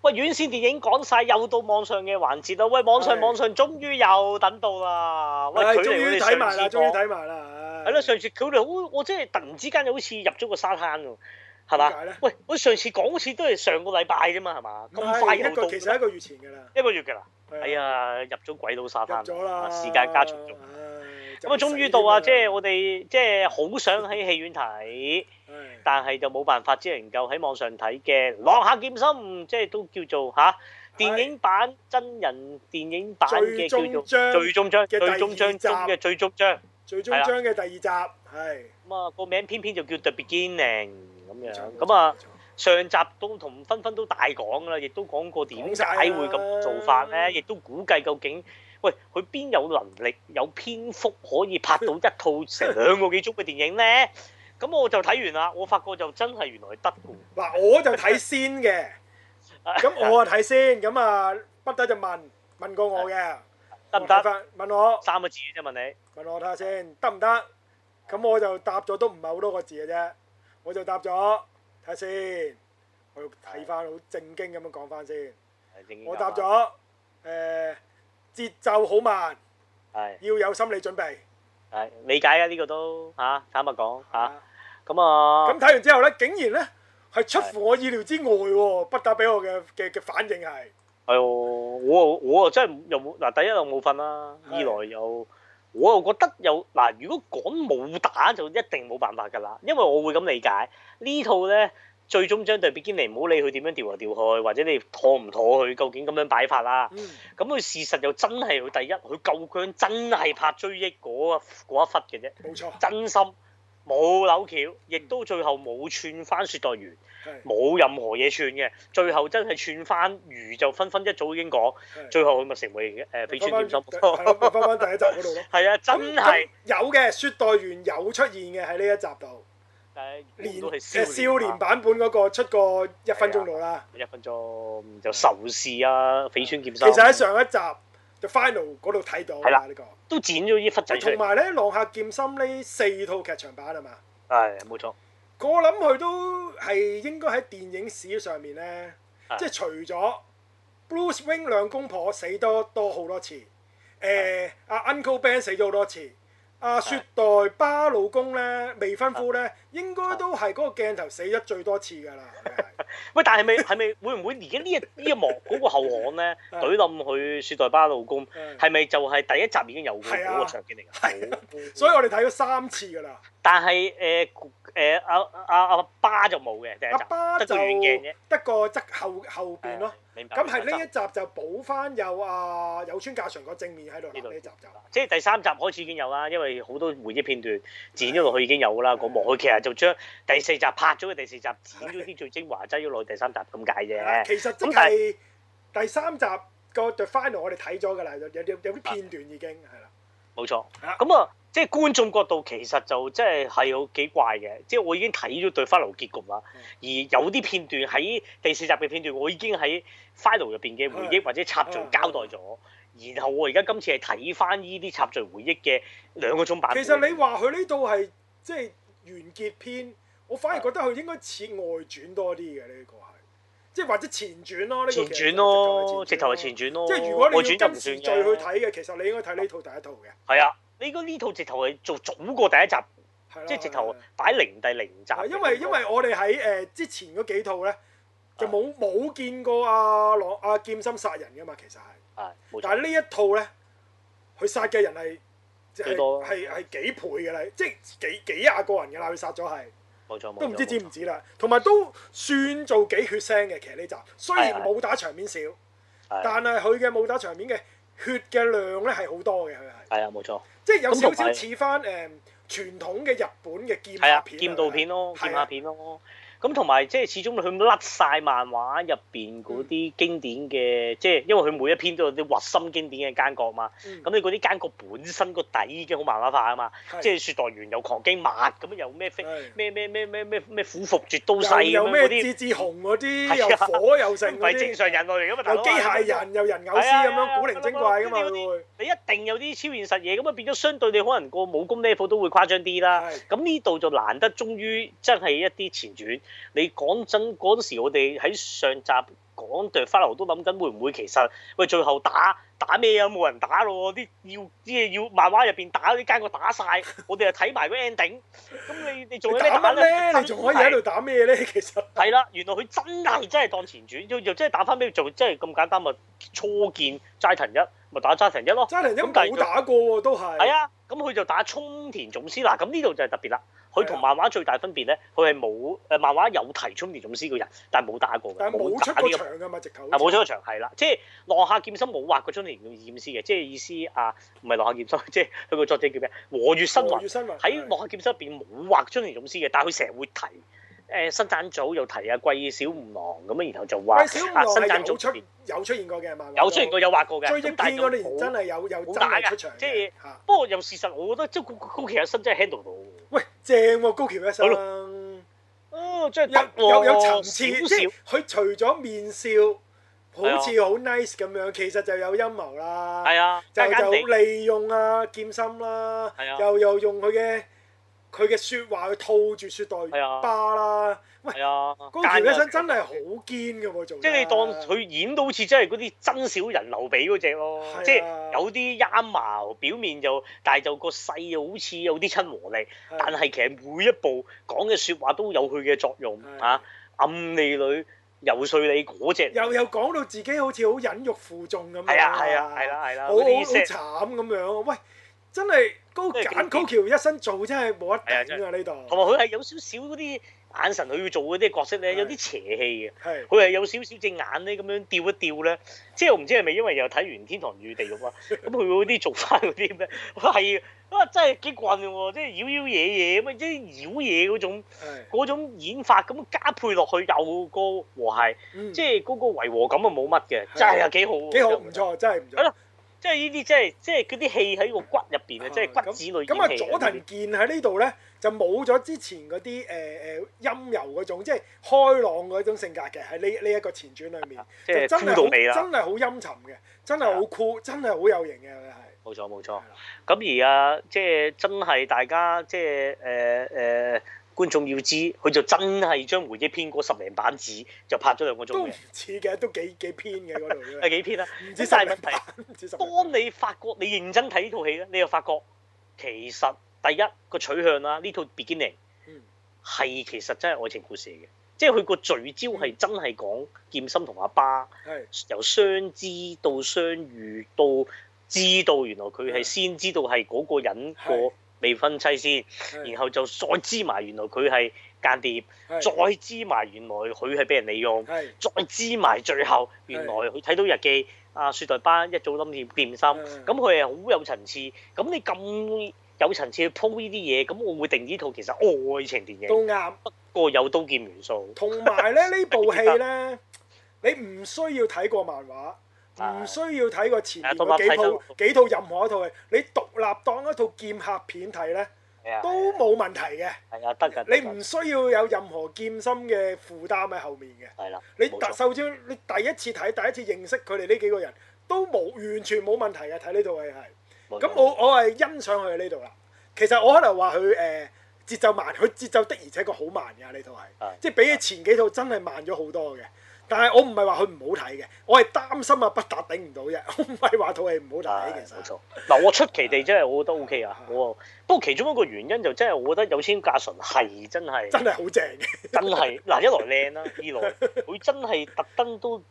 喂，院線電影講晒，又到網上嘅環節啦！喂，網上網上，終於又等到啦！喂，佢哋睇埋啦，終於睇埋啦！係啦，上次佢哋好，我真係突然之間又好似入咗個沙灘喎，係嘛？喂，我上次講好似都係上個禮拜啫嘛，係嘛？唔係一個，其實一個月前嘅啦，一個月嘅啦。哎呀，入咗鬼佬沙灘，時間加長咗。咁啊，終於到啊，即係我哋即係好想喺戲院睇，但係就冇辦法，只能夠喺網上睇嘅《浪客劍心》即係都叫做吓電影版真人電影版嘅叫做最終章最第章中嘅最終章，最終章嘅第二集係。咁啊，個名偏偏就叫 The Beginning 咁樣，咁啊。上集都同分分都大講啦，亦都講過點解會咁做法咧，亦都估計究竟喂佢邊有能力有篇幅可以拍到一套成兩個幾鐘嘅電影咧？咁我就睇完啦，我發覺就真係原來得㗎。嗱，我就睇先嘅，咁我啊睇先，咁啊不得就問問過我嘅，得唔得？問我三個字啫，問你問我睇下先，得唔得？咁我就答咗，都唔係好多個字嘅啫，我就答咗。睇先，我要睇翻好正經咁樣講翻先。正我答咗，誒、呃、節奏好慢，係是要有心理準備。係理解啊，呢、這個都嚇、啊，坦白講嚇，咁啊。咁睇、啊、么完之後咧，竟然咧係出乎是我意料之外喎！不打俾我嘅嘅嘅反應係。係喎、啊，我我，我真係又冇嗱，第一又冇瞓啦，二來又。我又覺得有嗱、啊，如果講冇打就一定冇辦法㗎啦，因為我會咁理解套呢套咧，最終章對比堅尼，唔好理佢點樣調嚟調去，或者你妥唔妥佢，究竟咁樣擺法啦、啊。咁佢、嗯、事實又真係佢第一，佢夠薑，真係拍追憶嗰一忽嘅啫。冇錯，真心。冇扭橋，亦都最後冇串翻雪代緣，冇的任何嘢串嘅。最後真係串翻緣就分分一早已經講，的最後佢咪成為誒緋村劍心咯。翻、呃、翻、呃、第一集嗰度咯。係啊， (laughs) 真係有嘅雪代緣有出現嘅喺呢一集度。但少年、呃、少年版本嗰個出過一分鐘度啦。一分鐘就仇視啊，緋的村劍心。其實喺上一集。就 final 嗰度睇到係啦呢個，都剪咗啲忽仔同埋咧，《浪客劍心》呢四套劇場版係嘛？係冇錯。錯，我諗佢都係應該喺電影史上面咧，的即係除咗 Bruce Wayne 兩公婆死多多好多次，誒、呃、阿的、uh, Uncle Ben 死咗好多次。啊！雪代巴老公咧，未婚夫咧，應該都係嗰個鏡頭死咗最多次㗎啦。喂， (laughs) 但係咪係咪會唔會而家呢一呢個 (laughs) 幕嗰、嗰個後巷咧，懟冧佢雪代巴老公，係咪 (laughs) 就係第一集已經有過嗰個場景嚟㗎、啊啊？所以我哋睇咗三次㗎啦。但係誒誒阿阿阿巴就冇嘅，第一集得個遠鏡，得個側後後邊咯。明白。咁係呢一集就補翻有啊，有村架純個正面喺度。呢度。呢一集就，即係第三集開始已經有啦，因為好多回憶片段剪咗落去已經有啦。嗰幕佢其實就將第四集拍咗嘅第四集剪咗啲最精華，擠咗落去第三集咁解啫。其實真係第三集個 The Final 我哋睇咗噶啦，有有啲片段已經係啦。冇錯。咁啊。即係觀眾角度，其實就即係係有幾怪嘅。即係我已經睇咗對 final 結局啦，而有啲片段喺第四集嘅片段，我已經喺 final 入邊嘅回憶或者插敘交代咗。然後我而家今次係睇翻呢啲插敘回憶嘅兩個鐘半。其實你話佢呢套係即係完結篇，我反而覺得佢應該似外傳多啲嘅呢個係，即係或者前傳咯，呢個前傳咯、啊，直頭係前傳咯、啊。即係如果你外要跟著序去睇嘅，其實你應該睇呢套第一套嘅。係啊。你講呢套直頭係做早過第一集，的即係直頭擺零第零集，集。因為因為我哋喺誒之前嗰幾套咧，啊、就冇冇見過阿朗阿劍心殺人嘅嘛，其實係。係、啊。但係呢一套咧，佢殺嘅人係即係係係幾倍嘅咧，即係幾幾廿個人嘅啦佢殺咗係。冇錯，冇錯都唔知止唔止啦，同埋都算做幾血腥嘅。其實呢集雖然武打場面少，但係佢嘅武打場面嘅。血嘅量咧係好多嘅，佢係。係啊，冇錯。即係有少少似翻誒傳統嘅日本嘅劍客片。係啊，劍道片咯，劍客片咯。的咁同埋即係始終佢甩晒漫畫入邊嗰啲經典嘅，即係因為佢每一篇都有啲核心經典嘅奸角嘛。咁你嗰啲奸角本身個底已經好漫畫化啊嘛。即係雪袋完又狂飆抹咁又咩咩咩咩咩咩咩苦服絕刀勢咁嗰啲。有咩之嗰啲又火又盛嗰啲。唔係正常人類嚟㗎嘛，大佬。但機械人又人偶師咁樣古靈精怪㗎嘛，你一定有啲超現實嘢咁啊，變咗相對你可能個武功 level 都會誇張啲啦。咁呢度就難得終於真係一啲前傳。你講真嗰陣時，我哋喺上集講對花柳都諗緊，會唔會其實喂最後打？打咩啊？冇人打咯，啲要即係要漫畫入邊打嗰啲間我打晒，我哋又睇埋個 ending。咁 (laughs) 你你仲有咩打咧？你仲可以喺度打咩咧？其實係啦，原來佢真係 (laughs) (laughs) 真係當前傳，又又真係打翻俾佢做，即係咁簡單咪初見齋藤一咪打齋藤一咯。齋藤一冇打過喎，都係是。係啊，咁佢就打沖田總司嗱，咁呢度就係特別啦。佢同漫畫最大分別咧，佢係冇誒漫畫有提沖田總司個人，但係冇打過嘅，冇打呢過場㗎嘛，直頭。冇出過、這個這個、場，係啦，即係浪客劍心冇畫過沖驗屍嘅，即係意思啊，唔係《浪客劍心》就是，即係佢個作者叫咩？和月伸宏喺《浪客劍心，心》入邊冇畫沖田總司嘅，但係佢成日會提誒、呃、新選組，又提啊桂小五郎咁啊，然後就畫、哎啊、新選組有出有出現過嘅有出現過有畫過嘅，追憶篇但係好有真有爭出場。即係，就是啊、不過又事實，我覺得即係高橋一生真係 handle 到喂，正喎高好。一生啊，哦、有有有，有，有層次，少少即係佢除咗面笑。好似好 nice 咁樣，其實就有陰謀啦。係啊就，就利用啊劍心啦、啊啊，又又用佢嘅佢嘅説話去套住雪代巴啦。係啊，嗰條尾身間 真係好堅嘅喎，做即係你當佢演到好似真係嗰啲真小人劉備嗰隻咯。啊、即係有啲啱矛表面就，但係就個勢又好似有啲親和力，啊、但係其實每一步講嘅説話都有佢嘅作用啊，啊，暗利女。游説你嗰隻，又又講到自己好似好忍辱負重咁樣咯，係啊係啊，係啦係啦，好好好慘咁樣，喂，真係高揀高橋一生做真係冇得頂啊呢度，同埋佢係有少少嗰啲。眼神佢要做嗰啲角色咧，有啲邪氣嘅，佢係的有少少隻眼咧咁樣吊一吊咧，即係我唔知係咪因為又睇完《天堂與地獄》啊， (laughs) 咁佢嗰啲做翻嗰啲咩？哇係，啊，真係幾棍喎，即係妖妖嘢嘢，咁啊，即係妖嘢嗰種，的種演法咁加配落去有個和諧，嗯、即係嗰個違和感啊冇乜嘅，真係又幾好，幾好唔錯，真係唔錯。即係呢啲，即係即係嗰啲氣喺個骨入邊啊！嗯、即係骨子裏、嗯。咁咁啊，佐藤健喺、嗯、呢度咧就冇咗之前嗰啲誒誒陰柔嗰種，即係開朗嗰種性格嘅喺呢呢一個前傳裏面，啊、即就真係真係好，好陰沉嘅，真係好酷，啊、真係好有型嘅佢係。冇錯冇錯，咁、啊、而啊，即係真係大家即係誒誒。呃呃呃觀眾要知，佢就真係將回憶篇嗰十零版紙，就拍咗兩個鐘嘅。都唔似嘅，都幾 (laughs) 幾篇嘅嗰套。係幾篇啊？唔知曬問題。 (laughs) (laughs) 當你發覺你認真睇呢套戲咧，你又發覺其實第一個取向啦，呢套 Beginning 係其實真係愛情故事嚟嘅，即係佢個聚焦係真係講劍心同阿巴由相知到相遇到知道原來佢係先知道係嗰個人個是。是未婚妻先，然後就再知埋原來佢係間諜，是再知埋原來佢係俾人利用，是再知埋最後原來佢睇到日記。阿是、啊、雪代巴一早諗掂變心，咁佢係好有層次。咁你咁有層次去鋪呢啲嘢，咁我會定呢套其實愛情電影。都啱對，不過有刀劍元素。同埋咧， (laughs) 部戲呢部戲咧，你唔需要睇過漫畫。唔需要睇過前面嘅幾套幾套任何一套戲，你獨立當一套劍客片睇呢，都冇問題嘅。你唔需要有任何劍心嘅負擔喺後面嘅。的你特錯首先你第一次睇，第一次認識佢哋呢幾個人，都冇完全冇問題嘅睇呢套戲係。咁錯我我係欣賞佢喺呢度啦。其實我可能話佢誒節奏慢，佢節奏的而且確好慢嘅呢套係，的的即係比起前幾套真係慢咗好多嘅。但係我唔係話佢唔好睇嘅，我係擔心阿不打頂唔到啫。我唔係話套戲唔好睇，其實。啊，冇錯。嗱， (laughs) 我出奇地真係我覺得 O K 啊。的不過，其中一個原因就真、是、係我覺得有村架純係真係真係好正嘅。真係嗱， (laughs) 一來靚啦，二來佢 (laughs) 真係特登都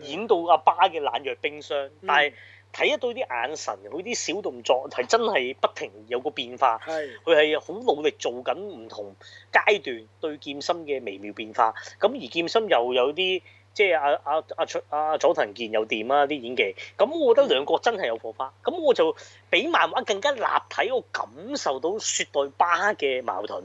演到阿巴嘅冷若冰霜，嗯、但係睇得到啲眼神，佢啲小動作係真係不停有個變化。佢係好努力做緊唔同階段對劍心嘅微妙變化。咁而劍心又有啲。即係阿阿阿卓阿佐藤健又掂啦啲演技，咁我覺得兩個真係有火花。咁我就比漫畫更加立體，我感受到雪代巴嘅矛盾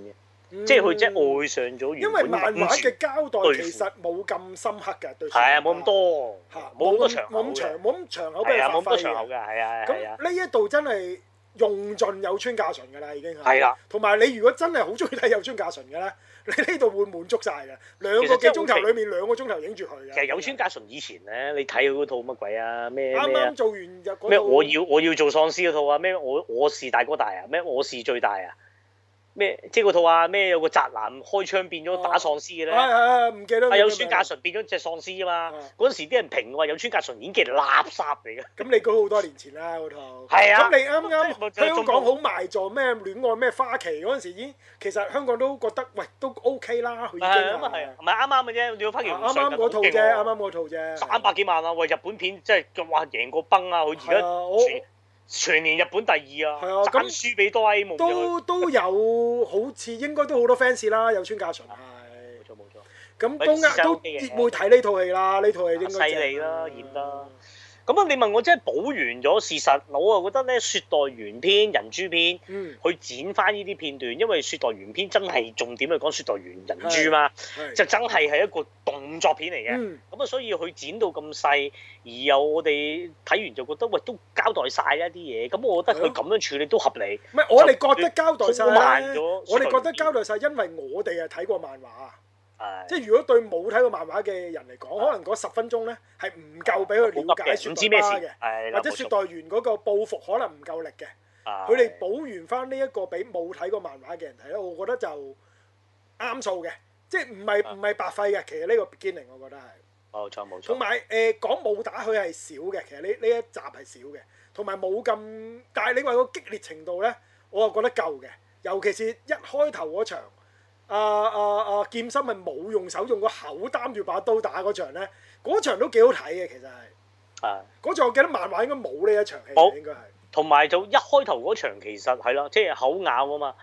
嘅，即係佢即係愛上咗原本唔對付，因為漫畫嘅交代其實冇咁深刻嘅，對。係啊，冇咁多嚇，冇咁長，冇咁長，冇咁長口俾你發揮嘅。冇咁多長口㗎，係啊，係啊。咁呢一度真係用盡有村架純㗎啦，已經係。係啦。同埋你如果真係好中意睇有村架純㗎咧？你呢度會滿足晒嘅，兩個幾鐘頭裡面兩個鐘頭影住佢。其實有村嘉純以前咧，你睇佢套乜鬼啊咩？啱啱做完又嗰我要我要做喪屍套啊！咩我我是大哥大啊！咩我是最大啊！咩？即係嗰套啊？咩有個宅男開槍變咗打喪屍嘅咧？係係，唔記得。啊，有村架純變咗隻喪屍啊嘛！嗰陣時啲人評話有村架純演技垃圾嚟嘅。咁你估好多年前啦，嗰套。係啊。咁你啱啱香港好賣座咩？戀愛咩花期嗰陣時已經，其實香港都覺得喂都 OK 啦。佢係啊，係啊，唔係啱啱嘅啫。戀花期唔啱。啱啱嗰套啫，啱啱嗰套啫。三百幾萬啊！喂，日本片即係仲話贏過崩啊！佢而家。全年日本第二啊，咁、啊、輸俾多啦 A 夢。都都，都有好似應該都好多 fans 啦，有村架純。係，冇錯冇錯。咁東亞都會睇呢套戲啦，呢套、啊、戲應該。細你啦，演啦。咁啊！你問我即係補完咗事實，我啊覺得咧《雪代緣篇》、《人誅篇》嗯，去剪翻呢啲片段，因為《雪代緣篇》真係重點去講《雪代緣人誅》嘛，就真係係一個動作片嚟嘅。咁啊、嗯，所以佢剪到咁細，而有我哋睇完就覺得喂都交代晒一啲嘢。咁我覺得佢咁樣處理都合理。唔係、嗯、就我哋覺得交代曬咧，慢我哋覺得交代曬，因為我哋啊睇過漫畫。即係如果對冇睇過漫畫嘅人嚟講，啊、可能嗰十分鐘咧係唔夠俾佢了解、啊、雪代花嘅，啊、或者雪代緣嗰個報復可能唔夠力嘅。佢哋、啊、補完翻呢一個俾冇睇過漫畫嘅人睇咧，我覺得就啱數嘅，即係唔係唔係白費嘅。其實呢個 beginning 我覺得係冇錯冇錯。同埋誒講武打佢係少嘅，其實呢呢一集係少嘅，同埋冇咁。但係你話個激烈程度咧，我又覺得夠嘅，尤其是一開頭嗰場。啊啊啊！Uh, uh, 劍心咪冇用手用個口擔住把刀打嗰場咧，嗰場都幾好睇嘅其實係。啊。嗰場我記得漫畫應該冇呢一場戲。冇沒應該係。同埋就一開頭嗰場其實係啦，即係、就是、口咬啊嘛。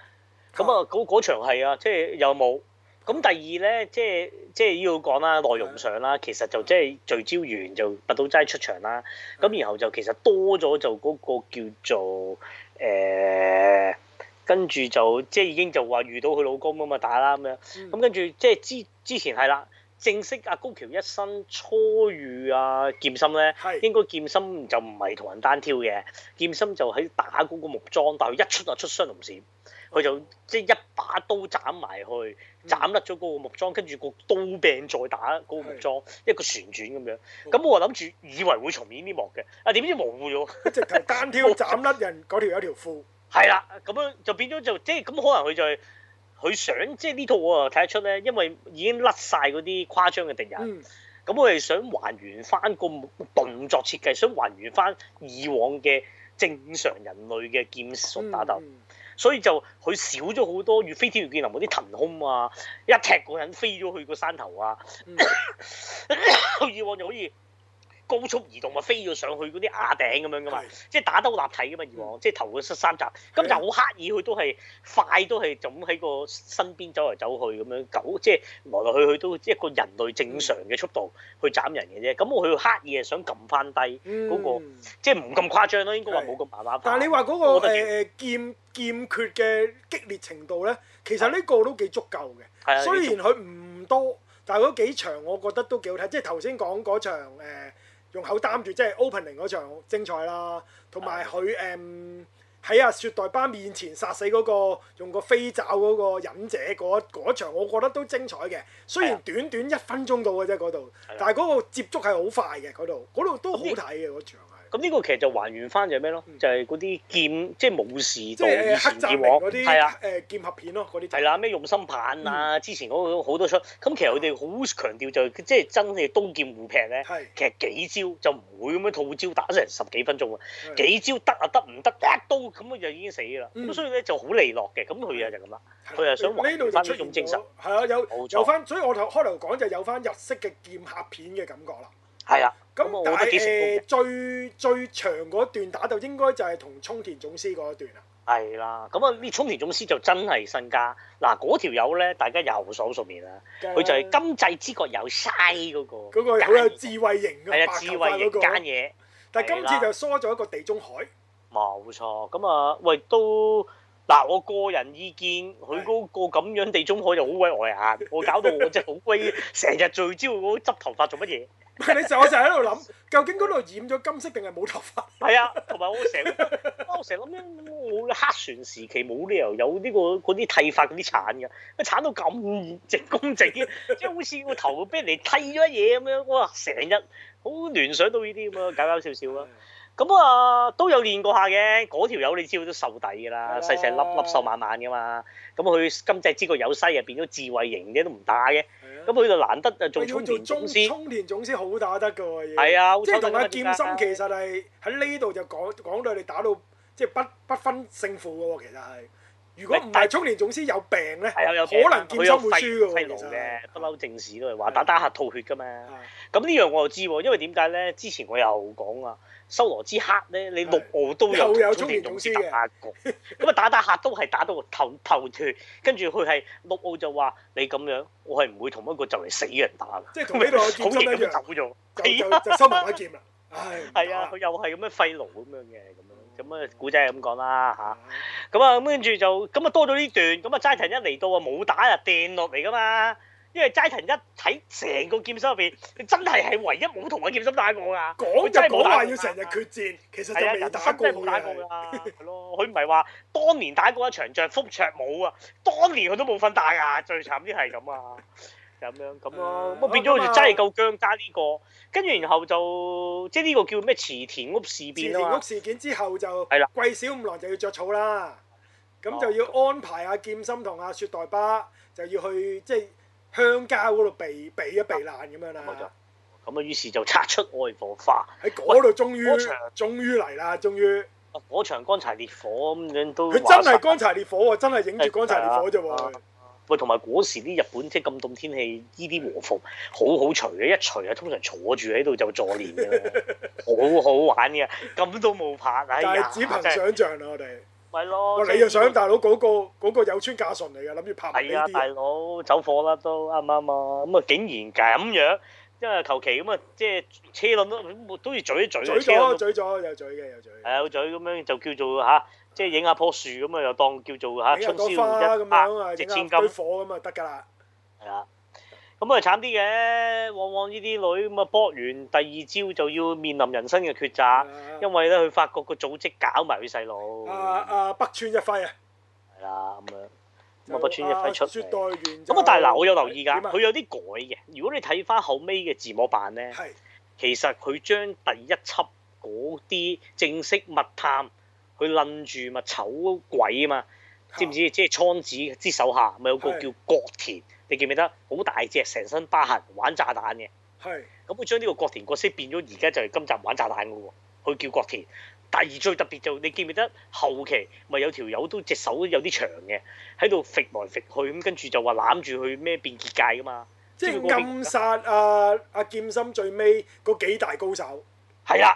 咁啊，嗰嗰場係啊，即係又冇。咁第二咧，即係即係要講啦，內容上啦，uh, 其實就即係聚焦完就拔刀齋出場啦。咁、uh, 然後就其實多咗就嗰個叫做誒。呃跟住就即係已經就話遇到佢老公咁嘛，打啦咁樣。咁、嗯、跟住即係之之前係啦，正式阿高橋一生初遇啊劍心咧，是應該劍心就唔係同人單挑嘅，劍心就喺打嗰個木樁，但佢一出就出雙龍閃佢就即係一把刀斬埋去，斬甩咗嗰個木樁，跟住個刀柄再打嗰個木樁，是一個旋轉咁樣。咁我諗住以為會重演呢幕嘅，啊點知模糊咗，即係單挑斬甩人嗰條有條褲。 (laughs) 我 (laughs) 係啦，咁樣就變咗就即係咁，可能佢就佢、係、想即係呢套我啊睇得出咧，因為已經甩晒嗰啲誇張嘅敵人，咁我係想還原翻個動作設計，想還原翻以往嘅正常人類嘅劍術打鬥，嗯、所以就佢少咗好多《飛天御劍流》嗰啲騰空啊，一踢個人飛咗去個山頭啊，嗯、 (laughs) 以往就好似。高速移動咪飛咗上去嗰啲瓦頂咁樣噶的嘛，即係打得好立體噶嘛以往，即係頭嗰三集，咁就好刻意佢都係快都係就咁喺個身邊走嚟走去咁樣，狗即係來來去去都即係一個人類正常嘅速度、嗯、去斬人嘅啫。咁我去刻意係想撳翻低嗰個，嗯、即係唔咁誇張咯，應該話冇咁麻麻。但係你話嗰、那個誒、呃、劍劍決嘅激烈程度咧，其實呢個都幾足夠嘅。雖然佢唔多，但係嗰幾場我覺得都幾好睇。即係頭先講嗰場、呃用口擔住，即係 opening 嗰場精彩啦，同埋佢誒喺阿雪代巴面前殺死嗰、嗰個用個飛爪嗰個忍者嗰一場，我覺得都精彩嘅。雖然短短一分鐘到嘅啫度，的但係個接觸係好快嘅度，度都好睇嘅 Okay. 場。咁呢個其實就還原翻就係咩咯？就係嗰啲劍，即係武士道以前劍王，係啊，誒劍俠片咯，啲係啦，咩用心棒啊，之前嗰個好多出。咁其實佢哋好強調就，即係真係刀劍互劈咧。係。其實幾招就唔會咁樣套招打成十幾分鐘啊，幾招得啊得唔得？一刀咁就已經死啦。咁所以咧就好利落嘅。咁佢啊就咁啦。佢啊想還原翻呢種精神。係啊，有有翻。所以我就開頭講就有翻日式嘅劍俠片嘅感覺啦。係啊。咁啊，我覺得幾成功。是呃、最最長嗰段打鬥應該就係同沖田總司嗰一段啦。係啦，咁、嗯、啊，呢沖田總司就真係身家嗱嗰條友咧，大家又熟熟面啦。佢、嗯、就係今際之國有嘥嗰、嗰個。好有智慧型㗎、嗰個。係啊，智慧型奸嘢。但係今次就疏咗一個地中海。冇、嗯、錯，咁啊，喂都。嗱，我個人意見，佢嗰個咁樣地中海就好鬼呆眼，搞我搞到 (laughs) 我即係好鬼，成日聚焦嗰執頭髮做乜嘢？ (laughs) 你成日我成喺度諗，究竟嗰度染咗金色定係冇頭髮？係 (laughs) 啊，同埋我成，日我成諗咧，我黑船時期冇理由有呢、呢個嗰啲剃髮嗰啲鏟嘅，乜鏟到咁整工整，即係好似個頭俾人哋剃咗嘢咁樣，哇！成日好聯想到呢啲咁啊，搞搞笑笑啊～咁啊，都有練過下嘅。嗰條友你知佢都瘦底㗎啦，細細粒粒瘦蜢蜢㗎嘛。咁佢今次知個有西又變咗智慧型嘅，都唔打嘅。咁佢就難得就做沖田總司。沖田總司好打得㗎喎，而家。係啊，即係用下劍心其實係喺呢度就講講到你打到即係不不分勝負㗎喎。其實係如果唔係沖田總司有病咧，可能劍心會輸㗎喎。不嬲正史都係話打打下吐血㗎嘛。咁呢樣我又知喎，因為點解咧？之前我又講啊。修羅之客咧，你陸奧都有出現，仲輸嘅。咁啊，打打下都係打到頭頭脱，跟住佢係陸奧就話：你咁樣，我係唔會同一個就嚟死嘅人打啦。即係同呢度劍一樣走咗，就 (laughs) 就收埋把劍啦。唉、哎，係啊，又係咁樣廢奴咁樣嘅咁樣，咁啊古仔係咁講啦嚇。咁啊咁跟住就咁啊多咗呢段，咁啊齋藤一嚟到啊，冇打啊，掟落嚟噶嘛。因為齋藤一睇成個劍心入邊，真係係唯一冇同個劍心打過噶。講就講話要成日決戰，其實就未打過啦。係 (laughs) 咯，佢唔係話當年打過一場仗福卓舞啊，當年佢都冇份打嘅，最慘啲係咁啊，咁樣咁咯。咁啊、呃、變咗好似真係夠薑。加呢、呢個，跟住然後就即係呢個叫咩？池田屋事變。池田屋事件之後就係啦，桂了少唔耐就要着草啦。咁就要安排阿、啊、劍心同阿、啊、雪代巴就要去即係。香蕉嗰度避避一避難咁樣啦，咁啊於是就拆出愛火花喺嗰度，終於火場終於嚟啦，終於啊火場乾柴烈火咁樣都，佢真係乾柴烈火真係影住乾柴烈火啫喎。喂、啊，同埋嗰時啲日本即係咁凍天氣，依啲和服好好除啊，一除啊通常坐住喺度就助眠嘅， (laughs) 好好玩嘅，咁都冇拍。怕、哎，但係只憑想象啦、啊，我哋是。係咯，你又想的大佬嗰、那個那個有村架純嚟噶，諗住拍？係啊，大佬走火啦都啱啱啊！咁、嗯、啊、嗯，竟然咁樣，因為求其咁啊，即、就、係、是、車輪都都要嘴一嘴啊！嘴咗了，嘴咗有嘴嘅，有嘴嘅。有嘴咁、啊、樣就叫做吓、啊，即係影下棵樹咁啊，又當叫做吓春宵一咁樣啊，值、啊、千金火咁啊，得㗎啦。係啊。咁啊慘啲嘅，往往呢啲女咁啊搏完，第二朝就要面臨人生嘅抉擇，啊、因為咧佢發覺個組織搞埋佢細佬。啊啊北村一輝啊！係啦，咁樣，咁就啊北村一輝出。絕代完。咁啊，但係嗱，我有留意噶，佢、哎啊、有啲改嘅。如果你睇翻後尾嘅字幕版咧，係是，其實佢將第一輯嗰啲正式密探，佢楞住咪醜鬼啊嘛，啊知唔知？即係倉子之手下咪有個叫國田。你記唔記得好大隻，成身疤痕，玩炸彈嘅。係的。咁佢將呢個國田角色變咗，而家就係今集玩炸彈嘅喎。佢叫國田，第二最特別就係，你記唔記得後期咪有條友都隻手有啲長嘅，喺度揈來揈去，咁跟住就話攬住佢咩變結界㗎嘛。即係暗殺啊啊劍心最尾嗰幾大高手。係的啊！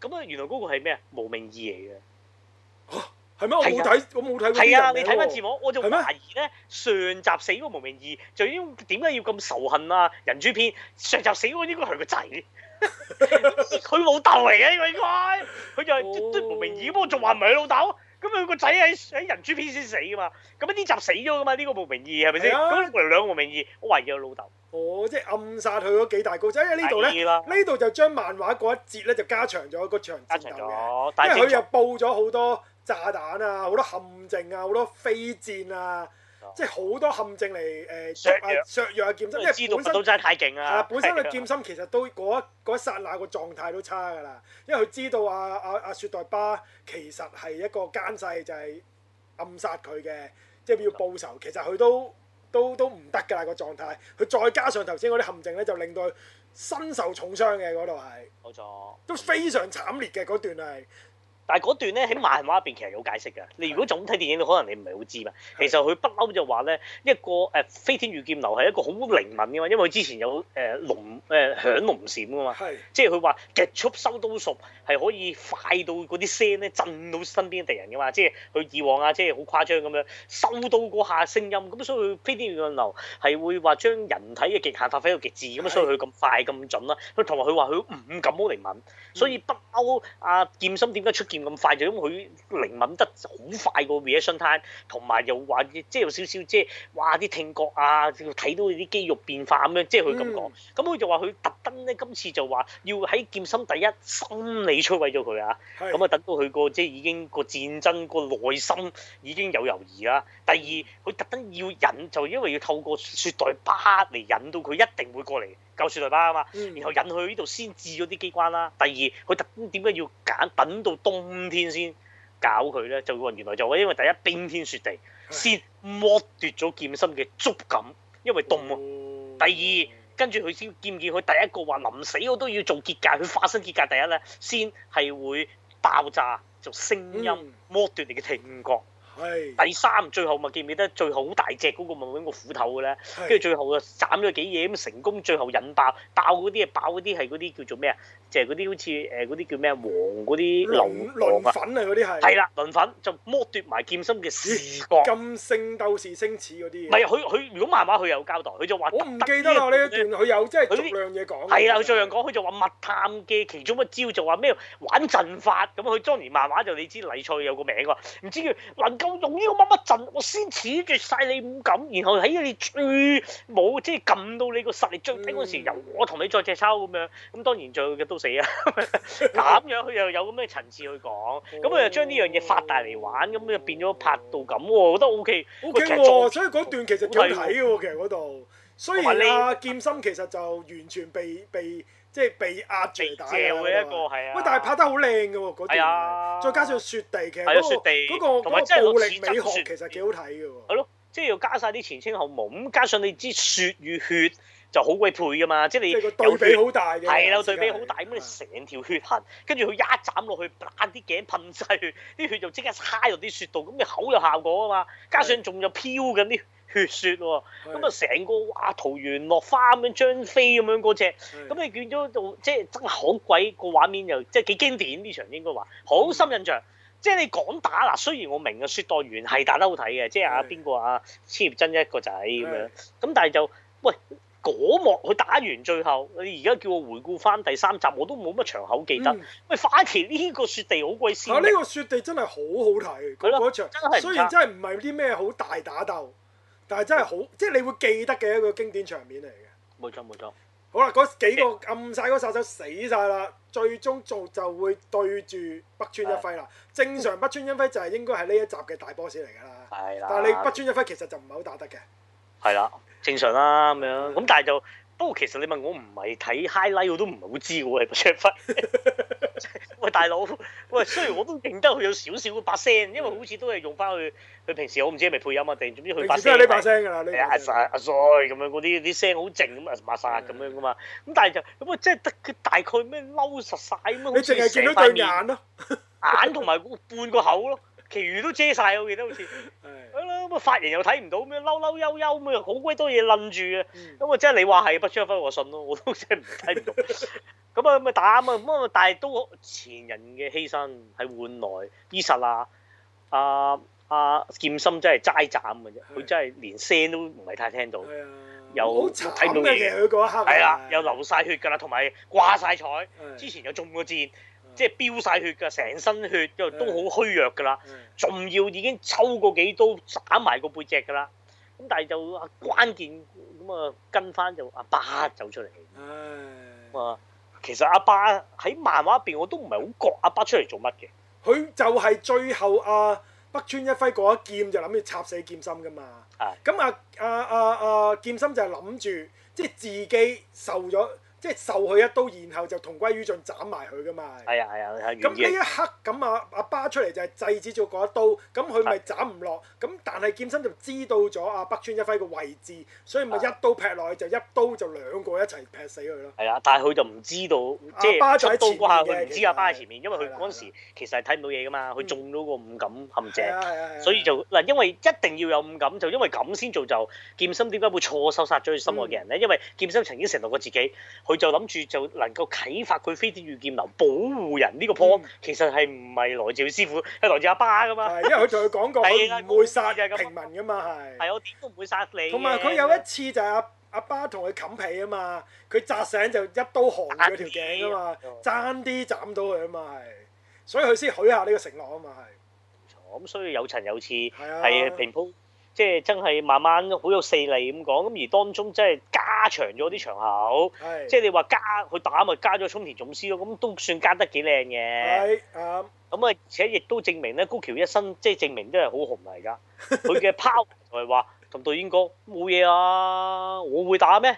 咁啊，原來嗰個係咩啊？無名義嚟嘅。啊係冇睇，我冇睇。係啊，你睇翻字幕，我就懷疑咧。嗎上集死個無名義，就已經點解要咁仇恨啊？人珠篇上集死個應該係佢個仔，佢老豆嚟嘅應該。佢就係、是哦、都都無，這個、無名義，不過仲話唔係佢老豆？咁佢、啊、個仔喺喺人珠篇先死噶嘛？咁呢集死咗噶嘛？呢個無名義係咪先？咁嚟兩個無名義，我懷疑佢老豆。哦，即係暗殺佢咗幾大個？仔？因為呢度咧，呢度的就將漫畫嗰一節咧就加長咗個場節奏，加長但因為佢又報咗好多。炸彈啊，好多陷阱啊，好多飛箭啊，oh. 即係好多陷阱嚟，誒、呃、削弱阿劍心，因為，因為本身都太勁啦。啊錯，本身個劍心其實都嗰一刹那個狀態都差㗎啦，因為佢知道阿阿阿雪代巴其實係一個奸細，就係暗殺佢嘅，即係要報仇。其實佢都都都唔得㗎啦個狀態，佢再加上頭先嗰啲陷阱咧，就令到佢身受重傷嘅嗰度係冇錯，都錯錯非常慘烈嘅嗰段係。但係嗰段咧，喺漫畫入邊其實有解釋㗎，你如果就咁睇電影，你可能你唔係好知嘛。其實佢不嬲就話咧，一個誒飛、呃、天御劍流係一個好靈敏嘅嘛，因為佢之前有誒、呃、龍誒、呃、響龍閃㗎嘛，是的 即係佢話極速收刀術係可以快到嗰啲聲咧震到身邊嘅敵人嘅嘛，即係佢以往啊即係好誇張咁樣收刀嗰下聲音，咁所以佢飛天御劍流係會話將人體嘅極限發揮到極致咁是的 所以佢咁快咁準啦。佢同埋佢話佢五感好靈敏，所以不嬲啊劍心點解出？咁快就因為佢靈敏得好快個 reaction time，同埋又話即係有少少即係，哇啲聽覺啊，睇到啲肌肉變化咁樣，即係佢咁講。咁佢、嗯、就話佢特登咧，今次就話要喺劍心第一心理摧毀咗佢啊。咁啊是等到佢個即係已經個戰爭個內心已經有猶豫啦。第二佢特登要忍，就因為要透過雪代巴嚟引到佢一定會過嚟。救雪泥巴啊嘛，然後引去呢度先置咗啲機關啦。第二佢特點解要揀等到冬天先搞佢咧？就話原來就因為第一冰天雪地先剝奪咗劍心嘅觸感，因為凍啊。第二跟住佢先見唔見佢，第一個話臨死我都要做結界，佢發生結界第一咧先係會爆炸，做聲音剝奪你嘅聽覺。第三最後咪記唔記得最好大隻嗰，那個咪揾，那個斧頭嘅咧？跟住的最後啊斬咗幾嘢咁成功。最後引爆爆嗰啲啊爆嗰啲係嗰啲叫做咩，就是，輪啊？就係嗰啲好似誒嗰啲叫咩黃嗰啲龍粉啊嗰啲係係啦，輪粉就剝奪埋劍心嘅視覺。聖鬥士星矢嗰啲唔係佢佢如果漫畫佢有交代，佢就話我唔記得啦呢一段，佢有即係他的逐樣嘢講係佢的最樣講，佢就話密探嘅其中一招就話咩玩陣法咁佢當然漫畫就你知，你知黎賽有個名喎，唔知要到用呢個乜乜陣，我先褫奪晒你五感，然後喺你最冇、呃、即係撳到你個實力最低嗰時，由我同你再借抽咁樣，咁當然最後嘅都死啦。咁樣佢又有咁嘅層次去講，咁佢又將呢樣嘢發大嚟玩，咁就變咗拍到咁喎，我覺得 O K O K 所以嗰段其實最睇喎，其實嗰度。雖然你、啊、阿劍心其實就完全被被。即係被壓住打一個是啊！喂，但係拍得好靚嘅喎嗰段，再加上雪地，其實嗰、嗰個同埋嗰個暴力美學其實幾好睇嘅喎。係咯，即係要加晒啲前清後冇，咁加上你知雪與血就好鬼配嘅嘛，即係你個對比好大嘅。係啦咯，對比好大，咁是、啊、你成條血痕，跟住佢一斬落去，嗩啲頸噴晒血，啲血就即刻揩落啲雪度，咁你口有效果啊嘛。加上仲有飄緊啲。血雪喎，咁啊成個哇桃園落花咁樣張飛咁樣嗰隻，咁你見到就即係真係好鬼個畫面，又即係幾經典，呢場應該話好深印象。即係你講打嗱，雖然我明啊雪代緣係打得好睇嘅，即係阿邊個啊千葉真一個仔咁樣，咁但係就喂嗰幕佢打完最後，你而家叫我回顧翻第三集我都冇乜場口記得。喂，反而呢個雪地好鬼先。啊，呢個雪地真係好好睇嗰場，雖然真係唔係啲咩好大打鬥。但係真係好，即係你會記得嘅一個經典場面嚟嘅。冇錯冇錯。錯，好啦，嗰幾個暗晒嗰殺手死晒啦，最終做就會對住北川一輝啦。的正常北川一輝就係應該係呢一集嘅大 boss 嚟㗎啦。係啦的。但係你北川一輝其實就唔係好打得嘅。係啦，正常啦咁樣。咁 (laughs) 但係就不過其實你問我唔係睇 highlight 我都唔係好知嘅喎，北川一輝。 (laughs) (laughs) (laughs) 喂，大佬，喂，雖然我都認得佢有少少嘅把聲，因為好似都係用翻佢，佢平時我唔知係咪配音啊定，總之佢把聲。平係呢把聲㗎啦，阿 s 阿 s 咁樣嗰啲啲聲好靜咁，抹曬咁樣噶嘛。咁但係就咁啊，即係得佢大概咩嬲實晒，咁啊！你淨只係見到對眼咯，啊， (laughs) 眼同埋半個口咯。其餘都遮晒，我記得好似的，係，咁啊發言又睇唔到，咩嬲嬲悠悠咁啊，好鬼多嘢擸住啊，咁啊即係你話係不將分我信咯，我都真係唔睇唔到，咁啊咪打啊，咁啊但係都前人嘅犧牲係換來伊什啊，阿啊劍心真係齋斬嘅啫，佢真係連聲都唔係太聽到，又睇唔到嘢，係啦的，又流晒血㗎啦，同埋掛晒彩，之前有中過箭。即係飆晒血㗎，成身血又都好虛弱㗎啦，仲要已經抽過幾刀打埋個背脊㗎啦。咁但係就關鍵咁啊，跟翻就阿巴走出嚟。誒的，咁啊，其實阿巴喺漫畫入邊我都唔係好覺阿巴出嚟做乜嘅。佢就係最後阿、啊、北村一輝嗰一劍就諗住插死劍心㗎嘛。咁阿阿阿阿劍心就諗住即係自己受咗。即係受佢一刀，然後就同歸於盡斬埋佢噶嘛。係啊係啊。咁呢一刻，咁阿阿巴出嚟就係制止咗嗰一刀，咁佢咪斬唔落？咁但係劍心就知道咗阿北川一輝個位置，所以咪一刀劈落去就一刀就兩個一齊劈死佢咯。係啊，但係佢就唔知道，即係出刀嗰下佢唔知阿巴喺前面，因為佢嗰陣時其實係睇唔到嘢噶嘛，佢中咗個五感陷阱，所以就嗱，因為一定要有五感，就因為咁先做就劍心點解會錯手殺咗佢心愛嘅人咧？因為劍心曾經承諾過自己。佢就諗住就能夠啟發佢飛天御劍流保護人呢個破，嗯、其實係唔係來自佢師傅，係來自阿爸噶嘛。因為佢同佢講過，唔會殺平民噶嘛，係。係 (laughs) 我點都唔會殺你。同埋佢有一次就係阿阿爸同佢冚被啊嘛，佢扎醒就一刀橫佢條頸啊嘛，爭啲斬到佢啊嘛，係，所以佢先許下呢個承諾啊嘛，係。冇錯，咁所以有層有次係平鋪。的即係真係慢慢好有勢利咁講，咁而當中真係加長咗啲場口，是的 即係你話加佢打咪加咗沖田總司咯，咁都算加得幾靚嘅。咁啊的，且亦都證明咧，的高橋一生即係證明真係好紅嚟㗎。佢嘅 power 同埋話同導演講冇嘢啊，我會打咩？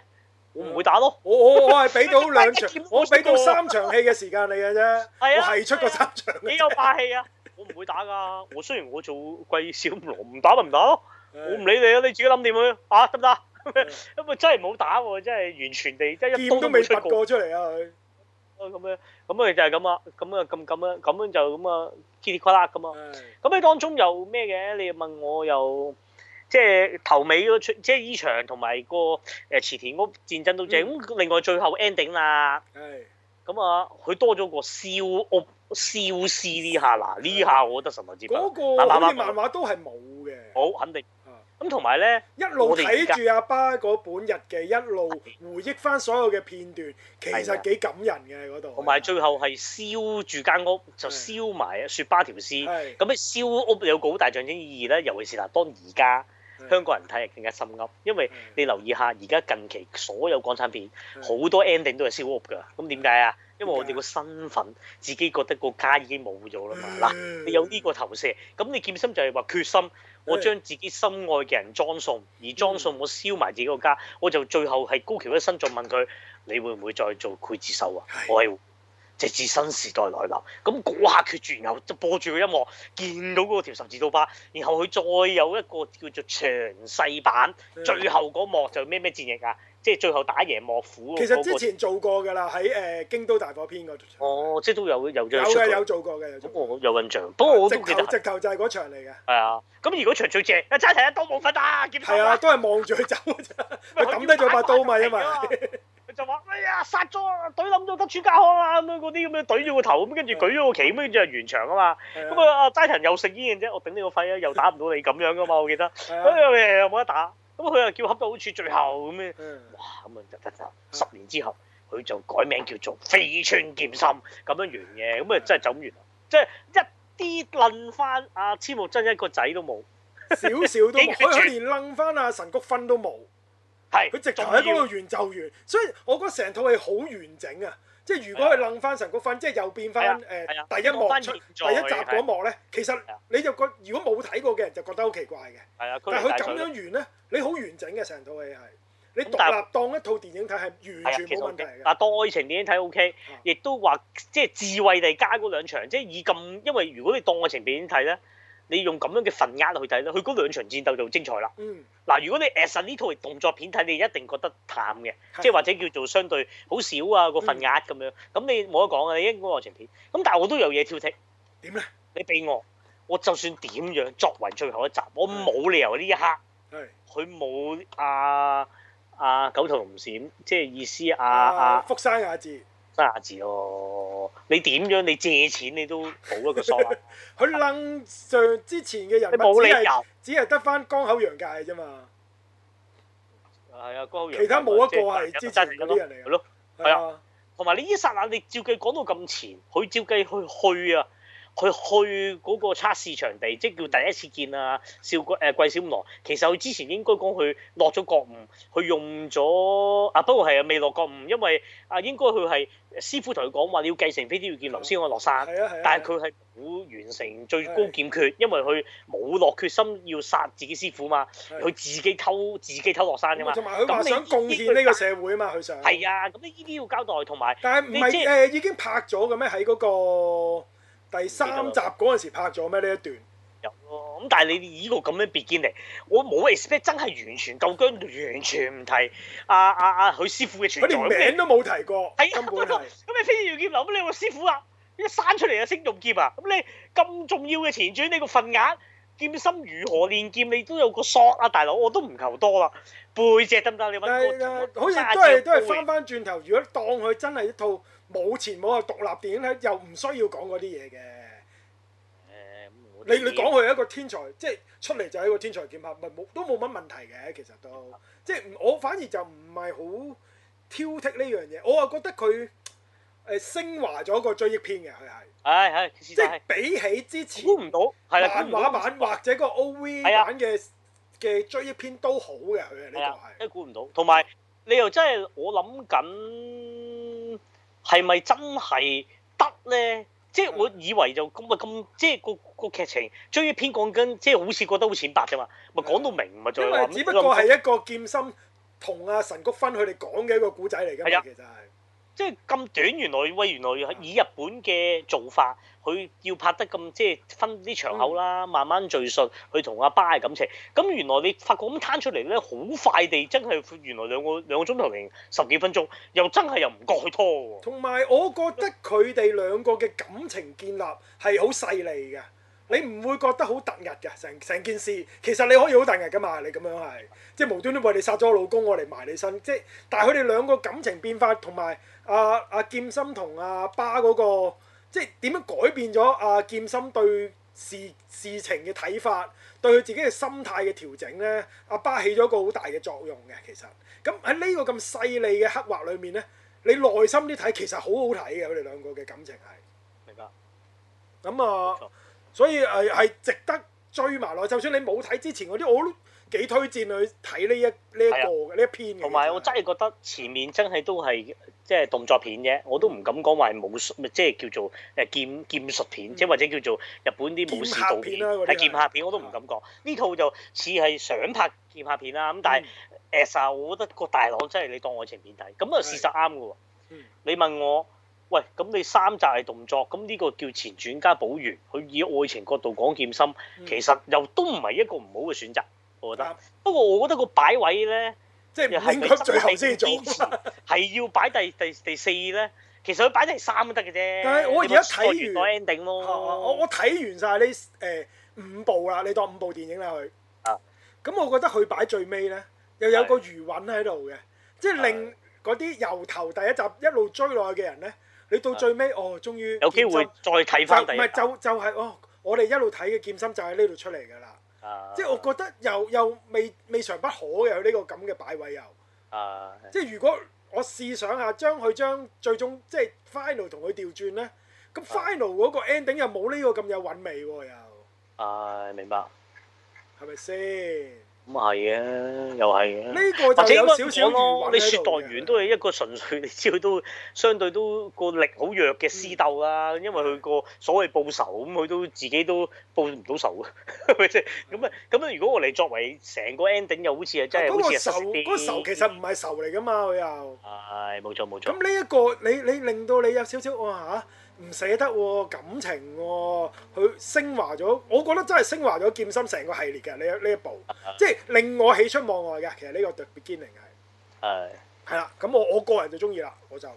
我唔會打咯。嗯、我 (laughs) 我我係俾到兩場， (laughs) 我俾到三場戲嘅時間你嘅啫。 (laughs) 啊、我係出過三場。幾有霸氣啊！我唔會打㗎。我雖然我做桂小五郎唔打咪唔打，打咯。我唔理你啦，你自己諗點啦，啊，得唔得？咁 (laughs) 啊真係唔好打喎，真係完全地，即係一刀都未出過，過出嚟啊佢。咁樣，咁啊就係咁啊，咁啊咁咁樣咁樣就咁啊噼里啪啦咁啊。咁喺、哎啊、當中又咩嘅？你問我又即係、就是、頭尾咯，出即係呢場同埋、那個誒、呃、池田嗰戰爭都正。咁、嗯、另外最後 ending 啦。係。咁啊，佢多咗個燒屋燒屍呢下。嗱呢下我覺得神來之筆。嗰個好似漫畫都係冇嘅。好肯定。咁同埋咧，嗯、呢一路睇住阿爸嗰本日記，一路回憶翻所有嘅片段， (laughs) 其實幾感人嘅嗰度。同埋最後係燒住間屋，唉就燒埋雪巴條屍。咁咩唉燒屋有個好大象徵意義咧，尤其是嗱，當而家香港人睇，更加深刻，因為你留意下，而家近期所有港產片好唉多 ending 都係燒屋㗎。咁點解啊？因為我哋個身份，自己覺得個家已經冇咗啦嘛。嗱唉，你有呢個投射，咁你劍心就係話決心。我將自己心愛嘅人裝送，而裝送我燒埋自己個家，嗯、我就最後係高橋一生再問佢：你會唔會再做劊子手啊？我係直至新時代來臨，咁嗰下決絕，然後就播住個音樂，見到嗰條十字刀疤，然後佢再有一個叫做詳細版，嗯、最後嗰幕就咩咩戰役啊？即係最後打贏幕府咯。其實之前做過㗎啦，喺誒、呃、京都大火篇嗰場。哦，即係都有有有做過嘅。咁我、哦、有印象，不過我都記得直球，直球就係嗰場嚟嘅。係啊。咁如果場最正，正，齋藤一刀冇分打。係啊，都係望住佢走，佢抌低咗把刀咪。因為佢就話：哎呀，殺咗啊！」「隊冧咗，德川家康啊！」咁樣嗰啲咁樣，隊住個頭咁，跟住舉咗個旗，跟住就係完場啊嘛。咁啊，齋藤又食煙嘅啫，我頂你個肺啊，又打唔到你咁樣噶嘛，我記得。咁、 (laughs) (laughs) 啊、我哋又冇得打。咁佢又叫合到好似最後咁樣，哇！咁啊，就得得，十年之後佢就改名叫做緋村劍心咁樣完嘅。咁啊真係走完，即係一啲冧翻阿千木真一個仔都冇， (laughs) 少少都冇，佢 (laughs) 全連冧翻阿神谷薰都冇，係佢是直頭喺嗰度完就完，要所以我覺得成套戲好完整啊。即係如果佢楞翻成嗰份，即係又變翻誒第一幕出第一集嗰幕咧，其實你就覺如果冇睇過嘅人就覺得好奇怪嘅。但係佢咁樣完咧，你好完整嘅成套戲係。你獨立當一套電影睇係完全冇問題嘅。但係當愛情電影睇 OK，亦都話即係智慧地加嗰兩場，即係以咁因為如果你當愛情電影睇咧。你用咁樣嘅份額去睇咧，佢嗰兩場戰鬥就精彩啦。嗱、嗯，如果你 Asah 呢套係動作片睇，你一定覺得淡嘅，即係的或者叫做相對好少啊個份額咁、嗯、樣。咁你冇得講啊，你應該愛情片。咁但係我都有嘢挑剔。點咧？你俾我，我就算點樣作為最後一集，我冇理由呢一刻，佢冇阿阿九頭龍閃，即係意思啊，阿、啊、福山雅治。三廿字咯，你點樣你借錢你都冇一個數。佢愣上之前嘅人，你冇理由，只係得翻江口洋介啫嘛。係啊，江口洋介。其他冇一個係知嗰啲人嚟㗎。係啊、那個，同埋嗎你一霎那你照計講到咁前，佢照計去去啊。佢去嗰個測試場地，即係叫第一次見啊，少誒呃、桂小五郎。其實佢之前應該講佢落咗覺悟，佢用咗啊。不過係啊，未落覺悟，因為啊，應該佢係師傅同佢講話，你要繼承飛天御劍流先可落山。係啊係啊。但係佢係估完成最高劍決，的因為佢冇落決心要殺自己師傅嘛，佢的自己偷自己偷落山㗎嘛。同埋想貢獻呢個社會啊嘛，佢想。係啊，咁呢呢啲要交代同埋。但係唔係誒已經拍咗嘅咩？喺嗰、嗰個。第三集嗰陣時拍咗咩呢一段？有咁，但係你依個咁樣別見嚟，我冇 expect，真係完全夠姜，完全唔提阿阿阿佢師傅嘅存在，佢、啊、連、啊啊、名都冇提過。係咁、啊嗯啊啊、你飛劍流咁，你個師傅啊一生出嚟啊識用劍啊，咁你咁重要嘅前傳你個份額，劍心如何練劍，你都有個索啊，大佬我都唔求多啦，背脊得唔得？你揾個好似都係都係翻翻轉頭，如果當佢真係一套。冇錢冇啊！獨立電影咧又唔需要講嗰啲嘢嘅。誒你你講佢係一個天才，即係出嚟就係一個天才劍客，咪冇都冇乜問題嘅其實都，即係我反而就唔係好挑剔呢樣嘢，我啊覺得佢誒昇華咗個追憶篇嘅佢係。係係，即係比起之前估唔到漫畫版或者個 O V 版嘅嘅追憶篇都好嘅佢係呢個係。都估唔到，同埋你又真係我諗緊。係咪真係得咧？即係我以為就咁啊咁，嗯、即係個個劇情將依篇講緊，即係好似覺得好淺、嗯、淺白啫嘛。咪講到明，咪再諗。因為只不過係一個劍心同阿神谷分佢哋講嘅一個古仔嚟㗎嘛，其實係。即係咁短，原來喂，原來以日本嘅做法，佢要拍得咁即係分啲場口啦，嗯、慢慢敘述佢同阿爸嘅感情。咁原來你發覺咁攤出嚟咧，好快地真係，原來兩個兩個鐘頭零十幾分鐘，又真係又唔該拖喎。同埋我覺得佢哋兩個嘅感情建立係好細膩嘅。你唔會覺得好突兀㗎，成成件事其實你可以好突兀㗎嘛，你咁樣係即係無端端為你殺咗我老公，我嚟埋你身，即係。但係佢哋兩個感情變化同埋阿阿劍心同阿巴嗰個，即係點樣改變咗阿、啊、劍心對事事情嘅睇法，對佢自己嘅心態嘅調整咧，阿、啊、巴起咗一個好大嘅作用嘅。其實咁喺呢個咁細膩嘅刻畫裏面咧，你耐心啲睇其實好好睇嘅，佢哋兩個嘅感情係。明白。咁啊、嗯。嗯嗯所以誒係值得追埋落，就算你冇睇之前嗰啲，我都幾推薦你去睇呢一呢一個嘅呢一篇。同埋我真係覺得前面真係都係即係動作片啫，我都唔敢講話係武術，咪即係叫做誒劍劍術片，即係、嗯、或者叫做日本啲武士道片，係劍、啊、劍客片我都唔敢講。呢、啊、套就似係想拍劍客片啦，咁但係誒，我覺得個大朗真係你當愛情片睇，咁啊事實啱嘅喎。嗯嗯、你問我？喂，咁你三集係動作，咁呢個叫前轉加補完。佢以愛情角度講劍心，其實又都唔係一個唔好嘅選擇，我覺得。嗯、不過我覺得個擺位咧，即係唔係佢最後先做，係 (laughs) 要擺第第第四咧。其實佢擺第三都得嘅啫。但係我而家睇完 ending 咯，我我睇完晒呢誒五部啦，你當五部電影啦佢。啊，咁我覺得佢擺最尾咧，又有個餘韻喺度嘅，的即係令嗰啲由頭第一集一路追落去嘅人咧。你到最尾哦，終於有機會再睇翻，唔係就就係哦，我哋一路睇嘅劍心就喺呢度出嚟㗎啦。Uh, 即係我覺得又又未未嘗不可嘅，呢、這個咁嘅擺位又。啊。Uh, 即係如果我試想下將佢將最終即係 final 同佢調轉咧，咁 final 嗰個 ending 又冇呢個咁有韻味喎、啊、又。唉，uh, 明白。係咪先？咁啊係嘅，又係嘅。呢或者有少少預你雪代緣都係一個純粹，你知佢都相對都個力好弱嘅私鬥啦、啊。嗯、因為佢個所謂報仇，咁佢都自己都報唔到仇嘅，咪即係咁啊。咁樣如果我哋作為成個 ending，啊那個、又好似係真係好似失偏。嗰仇仇其實唔係仇嚟噶嘛，佢又係冇錯冇錯。咁呢一個你你令到你有少少啊嚇。唔捨得喎、啊、感情喎、啊，佢升華咗，我覺得真係升華咗劍心成個系列嘅呢呢一部， (laughs) 即係令我喜出望外嘅。其實呢個 The Beginning 係，係係啦。咁我我個人就中意啦，我就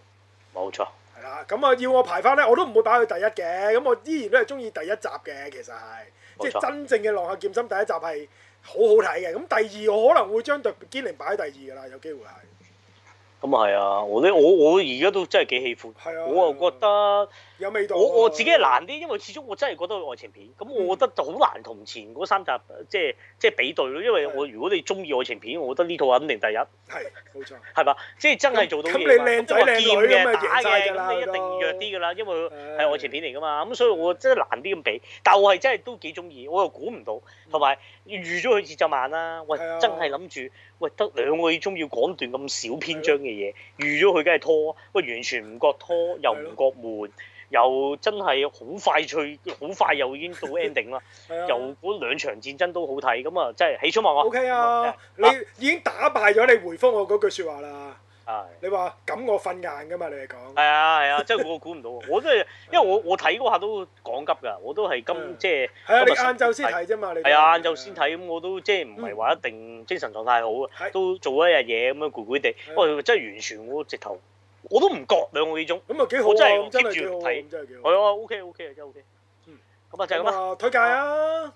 冇錯。係啦，咁啊要我排翻咧，我都唔會擺佢第一嘅。咁我依然都係中意第一集嘅。其實係即係真正嘅《浪客劍心》第一集係好好睇嘅。咁第二我可能會將 The Beginning 擺喺第二噶啦，有機會係。咁啊係啊，我咧我我而家都真係幾喜歡，的我又覺得。有味道。我我自己係難啲，因為始終我真係覺得佢愛情片，咁我覺得就好難同前嗰三集即係即係比對咯。因為我如果你中意愛情片，我覺得呢套肯定第一。係，冇錯。係嘛？即係真係做到嘢嘛？咁我見嘅打嘅一定弱啲㗎啦。因為係愛情片嚟㗎嘛。咁所以我真係難啲咁比。但係我係真係都幾中意，我又估唔到。同埋預咗佢節奏慢啦。喂，真係諗住，喂得兩個鐘要講段咁少篇章嘅嘢，預咗佢梗係拖。喂，完全唔覺拖，又唔覺悶。又真係好快脆，好快又已經到 ending 啦。又嗰兩場戰爭都好睇，咁啊真係喜出望外。O K 啊，你已經打敗咗你回覆我嗰句説話啦。係。你話咁我瞓硬㗎嘛？你哋講。係啊係啊，真係估估唔到，我都係因為我我睇嗰下都趕急㗎，我都係今即係。係你晏晝先睇啫嘛？你。係啊，晏晝先睇咁，我都即係唔係話一定精神狀態好都做一日嘢咁樣攰攰地，我真係完全我直頭。我都唔覺兩個幾鐘，咁啊幾好喎！我真係接住睇，真係幾好。係啊，OK OK 啊，真係 OK。嗯，咁啊就係咁啦。推介啊，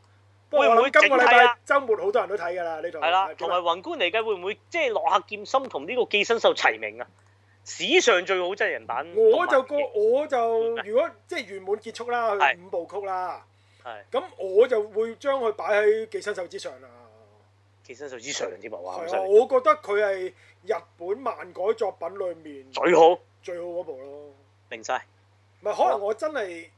會唔會今個禮拜周末好多人都睇㗎啦？呢度係啦，同埋宏觀嚟計，會唔會即係浪客劍心同呢個寄生獸齊名啊？史上最好真人版。我就個我就如果即係圓滿結束啦，五部曲啦，咁我就會將佢擺喺寄生獸之上啦。其實就以常啲之目我覺得佢係日本漫改作品裏面最好最好嗰部咯。明晒，唔係，可能我真係吧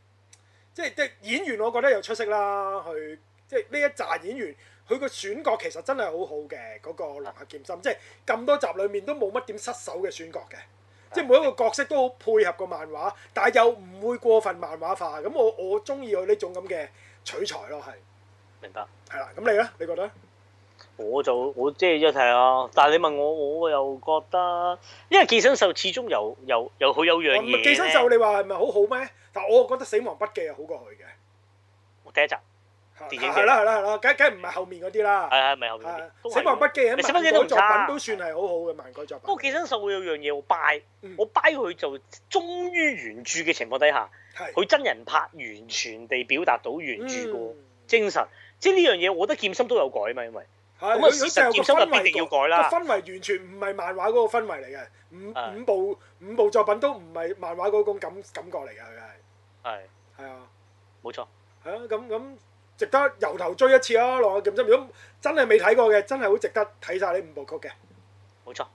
即係即係演員，我覺得有出色啦。去即係呢一扎演員，佢個選角其實真係好好嘅。嗰、那個浪客劍心，啊、即係咁多集裏面都冇乜點失手嘅選角嘅。啊、即係每一個角色都好配合個漫畫，但係又唔會過分漫畫化。咁我我中意佢呢種咁嘅取材咯，係。明白。係啦，咁你咧？你覺得？我就我即係一睇啊！但係你問我，我又覺得，因為寄生獸始終又又又好有，有，有，有樣嘢咧。寄生獸你話係咪好好咩？但我覺得死亡筆記係好過佢嘅。我第一集。是電影係啦係啦係啦，梗梗唔係後面嗰啲啦。係係唔係後面？是死亡筆記。死亡筆記都唔差。作品都算係好好嘅漫改作品。不過寄生獸會有樣嘢我 buy，我 buy 佢、嗯、就忠於原著嘅情況底下，佢、嗯、真人拍完全地表達到原著嘅精神。嗯、即係呢樣嘢，我覺得劍心都有改嘛，因為。咁佢，佢成個氛圍要改啦，個氛圍完全唔係漫畫嗰個氛圍嚟嘅，五是的 五部五部作品都唔係漫畫嗰種感感覺嚟嘅，係係係啊，冇錯，係啊，咁咁值得由頭追一次啊！浪客劍心，如果真係未睇過嘅，真係好值得睇晒呢五部曲嘅，冇錯。